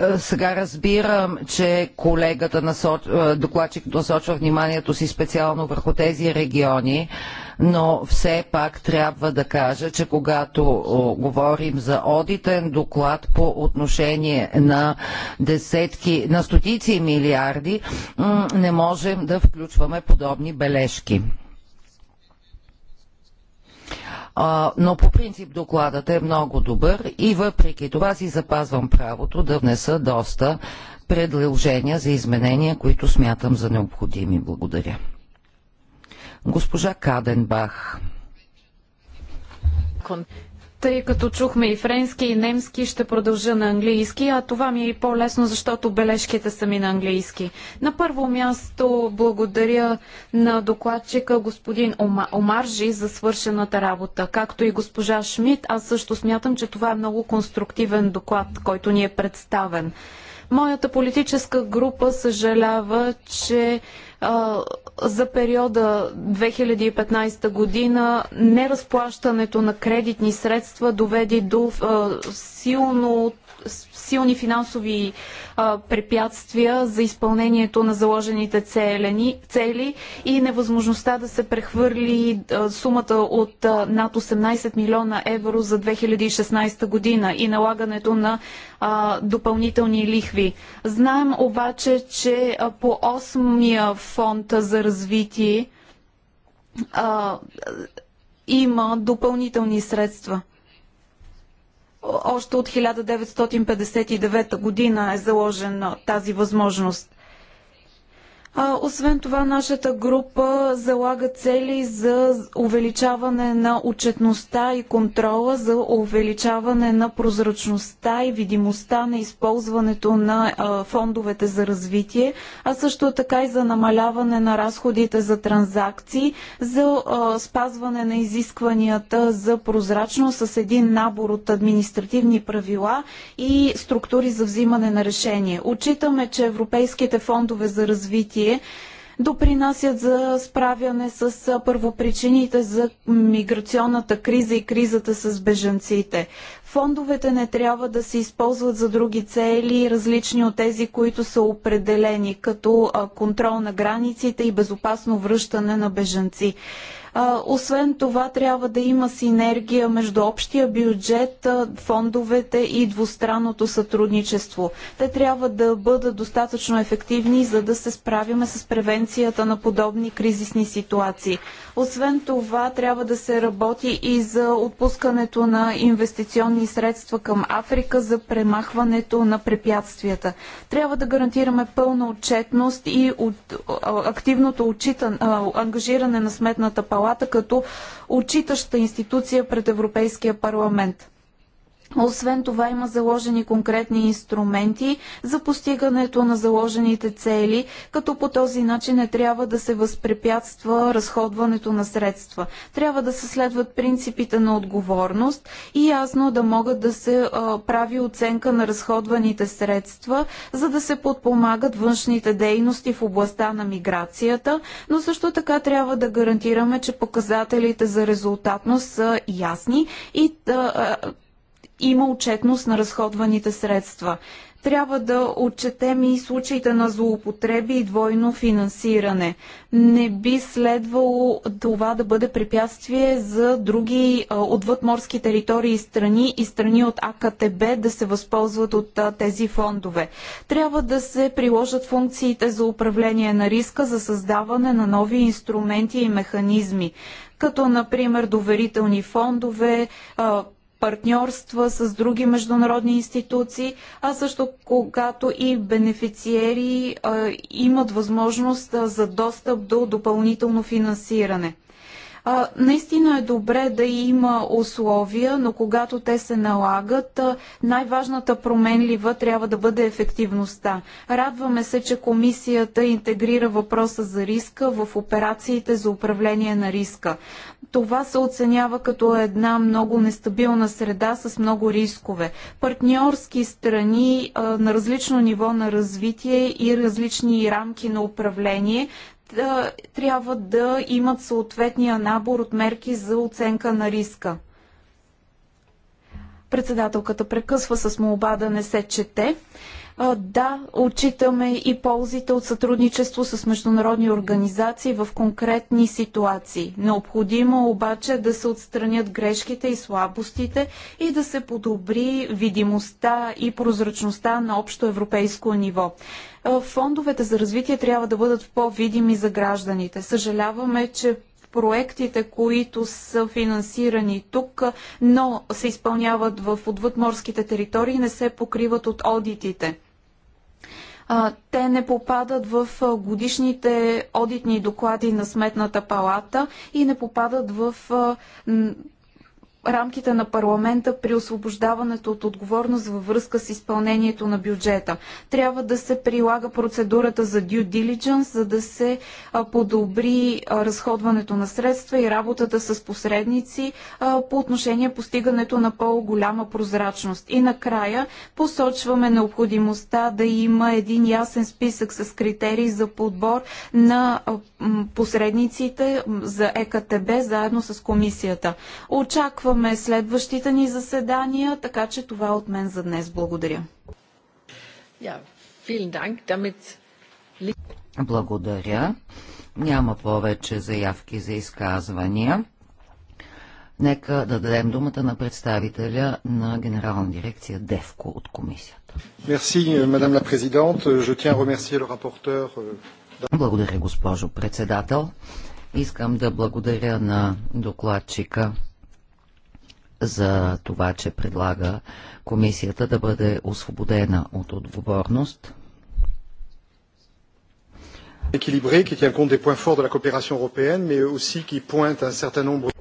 Е, сега разбирам, че колегата насоч... Е, докладчик насочва вниманието си специално върху тези региони, но все пак трябва да кажа, че когато говорим за одитен доклад по отношение на десетки, на стотици милиарди, не можем да включваме подобни бележки но по принцип докладът е много добър и въпреки това си запазвам правото да внеса доста предложения за изменения, които смятам за необходими. Благодаря. Госпожа Каденбах. Тъй като чухме и френски, и немски, ще продължа на английски, а това ми е и по-лесно, защото бележките са ми на английски. На първо място благодаря на докладчика господин Омаржи за свършената работа, както и госпожа Шмидт. Аз също смятам, че това е много конструктивен доклад, който ни е представен. Моята политическа група съжалява, че за периода 2015 година неразплащането на кредитни средства доведе до силно, силни финансови препятствия за изпълнението на заложените целени, цели и невъзможността да се прехвърли сумата от над 18 милиона евро за 2016 година и налагането на допълнителни лихви. Знаем обаче, че по 8 фонд за развитие а, има допълнителни средства. Още от 1959 година е заложена тази възможност. А, освен това, нашата група залага цели за увеличаване на отчетността и контрола, за увеличаване на прозрачността и видимостта на използването на а, фондовете за развитие, а също така и за намаляване на разходите за транзакции, за а, спазване на изискванията за прозрачност с един набор от административни правила и структури за взимане на решение. Отчитаме, че европейските фондове за развитие развитие допринасят за справяне с първопричините за миграционната криза и кризата с бежанците. Фондовете не трябва да се използват за други цели, различни от тези, които са определени, като контрол на границите и безопасно връщане на бежанци освен това, трябва да има синергия между общия бюджет, фондовете и двустранното сътрудничество. Те трябва да бъдат достатъчно ефективни, за да се справим с превенцията на подобни кризисни ситуации. Освен това, трябва да се работи и за отпускането на инвестиционни средства към Африка за премахването на препятствията. Трябва да гарантираме пълна отчетност и от, активното отчитан, ангажиране на Сметната палата като отчитаща институция пред Европейския парламент. Освен това има заложени конкретни инструменти за постигането на заложените цели, като по този начин не трябва да се възпрепятства разходването на средства. Трябва да се следват принципите на отговорност и ясно да могат да се а, прави оценка на разходваните средства, за да се подпомагат външните дейности в областта на миграцията, но също така трябва да гарантираме, че показателите за резултатност са ясни и има отчетност на разходваните средства. Трябва да отчетем и случаите на злоупотреби и двойно финансиране. Не би следвало това да бъде препятствие за други отвъдморски територии и страни и страни от АКТБ да се възползват от тези фондове. Трябва да се приложат функциите за управление на риска за създаване на нови инструменти и механизми като например доверителни фондове, партньорства с други международни институции, а също когато и бенефициери имат възможност за достъп до допълнително финансиране. А, наистина е добре да има условия, но когато те се налагат, най-важната променлива трябва да бъде ефективността. Радваме се, че комисията интегрира въпроса за риска в операциите за управление на риска. Това се оценява като една много нестабилна среда с много рискове. Партньорски страни а, на различно ниво на развитие и различни рамки на управление трябва да имат съответния набор от мерки за оценка на риска. Председателката прекъсва с молба да не се чете. Да, отчитаме и ползите от сътрудничество с международни организации в конкретни ситуации. Необходимо обаче да се отстранят грешките и слабостите и да се подобри видимостта и прозрачността на общо европейско ниво. Е, фондовете за развитие трябва да бъдат по-видими за гражданите. Съжаляваме, че проектите, които са финансирани тук, но се изпълняват в отвъдморските територии, не се покриват от одитите те не попадат в годишните одитни доклади на Сметната палата и не попадат в рамките на парламента при освобождаването от отговорност във връзка с изпълнението на бюджета. Трябва да се прилага процедурата за due diligence, за да се подобри разходването на средства и работата с посредници по отношение постигането на по-голяма прозрачност. И накрая посочваме необходимостта да има един ясен списък с критерии за подбор на посредниците за ЕКТБ заедно с комисията. Очаква очакваме следващите ни заседания, така че това е от мен за днес. Благодаря. Благодаря. Няма повече заявки за изказвания. Нека да дадем думата на представителя на генерална дирекция ДЕВКО от комисията. Euh, благодаря, госпожо председател. Искам да благодаря на докладчика за това, че предлага комисията да бъде освободена от отговорност.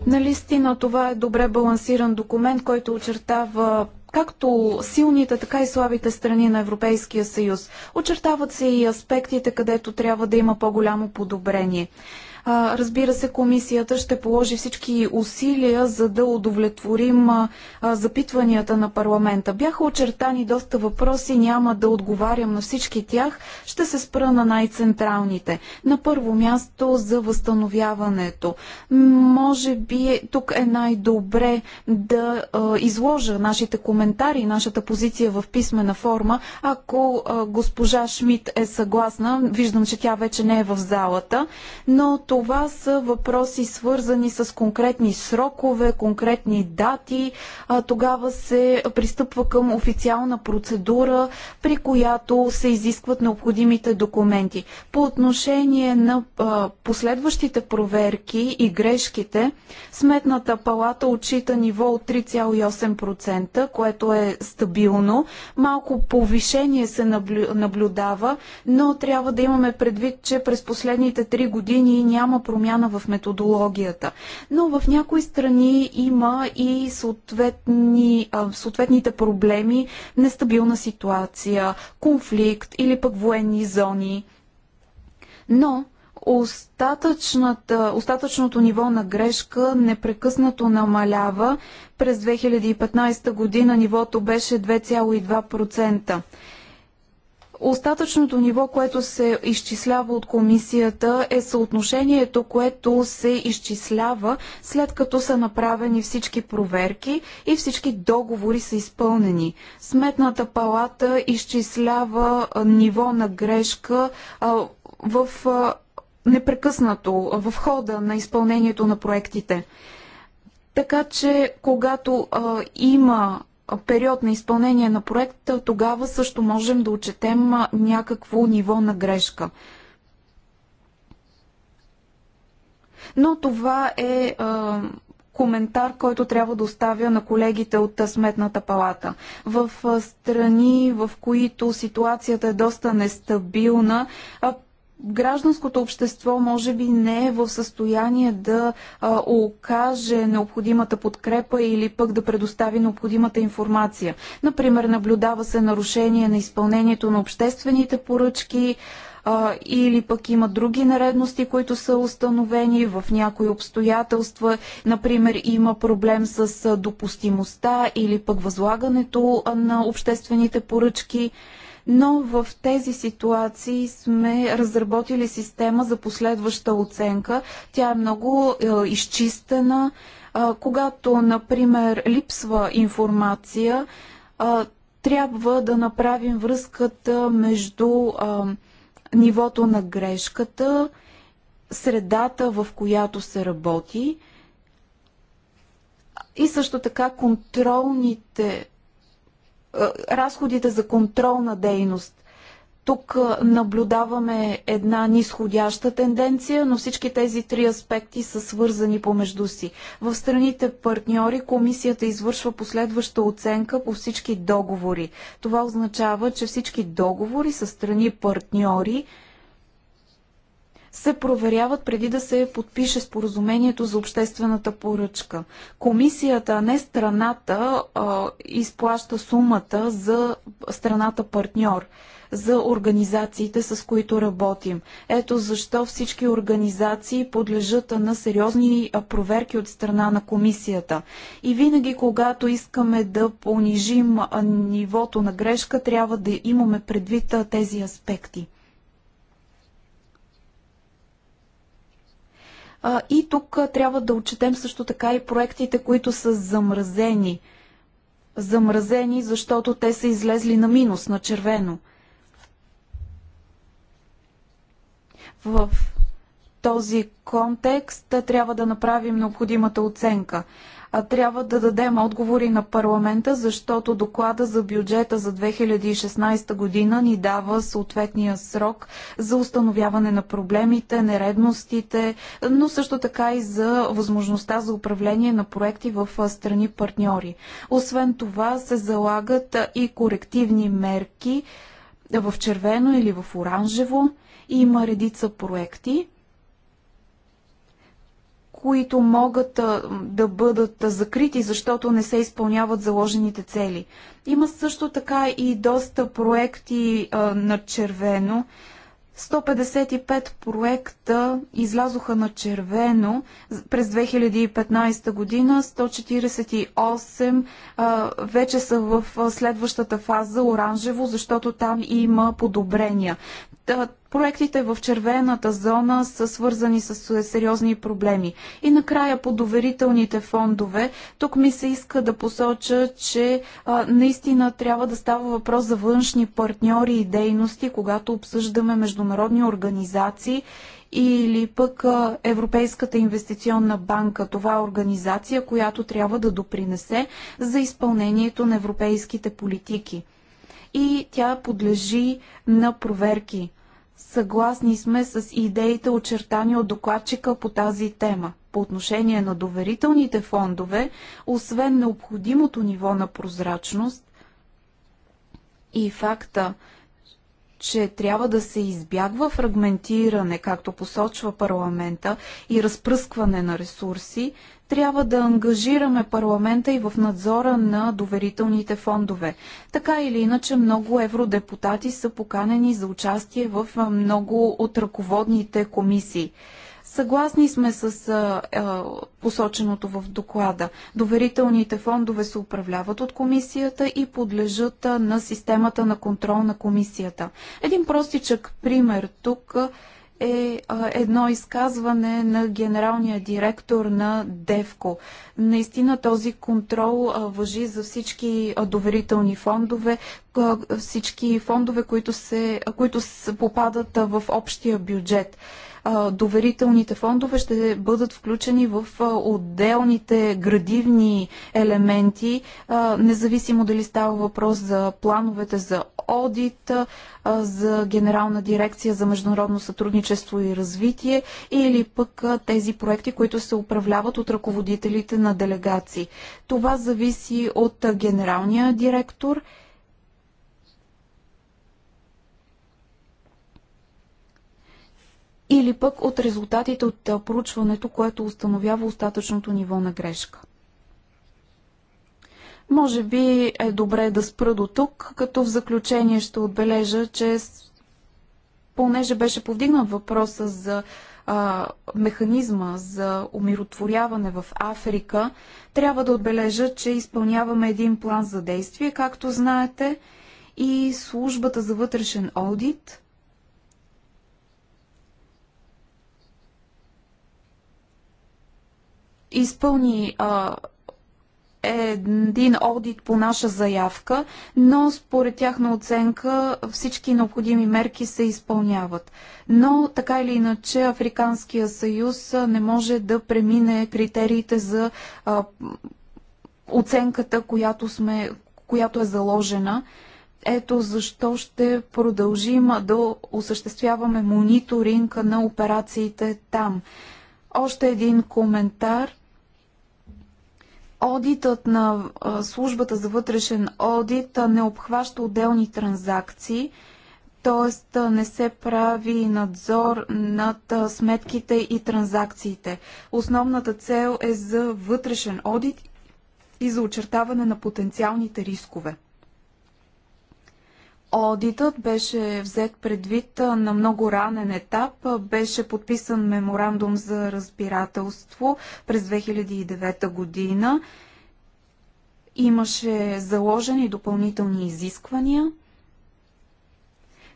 Налистина това е добре балансиран документ, който очертава както силните, така и слабите страни на Европейския съюз. Очертават се и аспектите, където трябва да има по-голямо подобрение. Разбира се, комисията ще положи всички усилия, за да удовлетворим запитванията на парламента. Бяха очертани доста въпроси, няма да отговарям на всички тях. Ще се спра на най-централните. На първо място за възстановяването. Може би е, тук е най-добре да изложа нашите коментари, нашата позиция в писмена форма. Ако госпожа Шмидт е съгласна, виждам, че тя вече не е в залата, но това това са въпроси свързани с конкретни срокове, конкретни дати. Тогава се пристъпва към официална процедура, при която се изискват необходимите документи. По отношение на последващите проверки и грешките, Сметната палата отчита ниво от 3,8%, което е стабилно. Малко повишение се наблюдава, но трябва да имаме предвид, че през последните три години няма голяма промяна в методологията. Но в някои страни има и съответни, съответните проблеми, нестабилна ситуация, конфликт или пък военни зони. Но остатъчното ниво на грешка непрекъснато намалява. През 2015 година нивото беше 2,2%. Остатъчното ниво, което се изчислява от комисията е съотношението, което се изчислява след като са направени всички проверки и всички договори са изпълнени. Сметната палата изчислява ниво на грешка в непрекъснато в хода на изпълнението на проектите. Така че, когато а, има период на изпълнение на проекта, тогава също можем да отчетем някакво ниво на грешка. Но това е а, коментар, който трябва да оставя на колегите от Сметната палата. В страни, в които ситуацията е доста нестабилна, гражданското общество може би не е в състояние да а, окаже необходимата подкрепа или пък да предостави необходимата информация. Например, наблюдава се нарушение на изпълнението на обществените поръчки а, или пък има други наредности, които са установени в някои обстоятелства. Например, има проблем с допустимостта или пък възлагането на обществените поръчки но в тези ситуации сме разработили система за последваща оценка. Тя е много е, изчистена. А, когато, например, липсва информация, а, трябва да направим връзката между а, нивото на грешката, средата, в която се работи, и също така контролните е, разходите за контролна дейност. Тук е, наблюдаваме една нисходяща тенденция, но всички тези три аспекти са свързани помежду си. В страните партньори комисията извършва последваща оценка по всички договори. Това означава, че всички договори с страни партньори се проверяват преди да се подпише споразумението за обществената поръчка. Комисията, а не страната, изплаща сумата за страната партньор за организациите, с които работим. Ето защо всички организации подлежат на сериозни проверки от страна на комисията. И винаги, когато искаме да понижим нивото на грешка, трябва да имаме предвид тези аспекти. И тук трябва да отчетем също така и проектите, които са замразени. Замразени, защото те са излезли на минус, на червено. В този контекст трябва да направим необходимата оценка трябва да дадем отговори на парламента, защото доклада за бюджета за 2016 година ни дава съответния срок за установяване на проблемите, нередностите, но също така и за възможността за управление на проекти в страни партньори. Освен това се залагат и корективни мерки в червено или в оранжево. Има редица проекти, които могат да бъдат закрити, защото не се изпълняват заложените цели. Има също така и доста проекти на червено. 155 проекта излязоха на червено през 2015 година, 148 а, вече са в следващата фаза оранжево, защото там има подобрения проектите в червената зона са свързани с е, сериозни проблеми. И накрая по доверителните фондове, тук ми се иска да посоча, че а, наистина трябва да става въпрос за външни партньори и дейности, когато обсъждаме международни организации или пък Европейската инвестиционна банка. Това е организация, която трябва да допринесе за изпълнението на европейските политики. И тя подлежи на проверки. Съгласни сме с идеите, очертани от докладчика по тази тема. По отношение на доверителните фондове, освен необходимото ниво на прозрачност и факта, че трябва да се избягва фрагментиране, както посочва парламента, и разпръскване на ресурси, трябва да ангажираме парламента и в надзора на доверителните фондове. Така или иначе, много евродепутати са поканени за участие в много от ръководните комисии. Съгласни сме с а, а, посоченото в доклада. Доверителните фондове се управляват от комисията и подлежат а, на системата на контрол на комисията. Един простичък пример тук е а, едно изказване на генералния директор на ДЕВКО. Наистина този контрол а, въжи за всички а, доверителни фондове, а, всички фондове, които, се, а, които се попадат а, в общия бюджет доверителните фондове ще бъдат включени в отделните градивни елементи, независимо дали става въпрос за плановете за одит, за Генерална дирекция за международно сътрудничество и развитие или пък тези проекти, които се управляват от ръководителите на делегации. Това зависи от генералния директор – или пък от резултатите от проучването, което установява остатъчното ниво на грешка. Може би е добре да спра до тук, като в заключение ще отбележа, че понеже беше повдигнат въпроса за а, механизма за умиротворяване в Африка, трябва да отбележа, че изпълняваме един план за действие, както знаете, и службата за вътрешен аудит – изпълни един одит по наша заявка, но според тяхна оценка всички необходими мерки се изпълняват. Но така или иначе Африканския съюз не може да премине критериите за а, оценката, която, сме, която е заложена. Ето защо ще продължим да осъществяваме мониторинг на операциите там. Още един коментар Одитът на службата за вътрешен одит не обхваща отделни транзакции, т.е. не се прави надзор над сметките и транзакциите. Основната цел е за вътрешен одит и за очертаване на потенциалните рискове. Одитът беше взет предвид на много ранен етап. Беше подписан меморандум за разбирателство през 2009 година. Имаше заложени допълнителни изисквания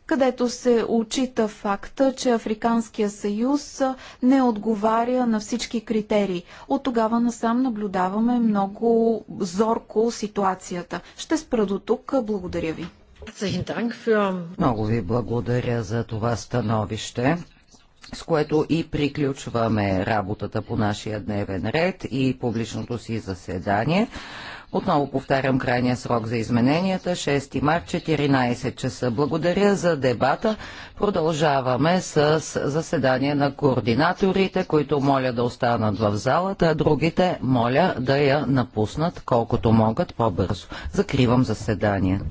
където се очита факта, че Африканския съюз не отговаря на всички критерии. От тогава насам наблюдаваме много зорко ситуацията. Ще спра до тук. Благодаря ви. Много ви благодаря за това становище с което и приключваме работата по нашия дневен ред и публичното си заседание. Отново повтарям крайния срок за измененията 6 март 14 часа. Благодаря за дебата. Продължаваме с заседание на координаторите, които моля да останат в залата, а другите моля да я напуснат колкото могат по-бързо. Закривам заседанието.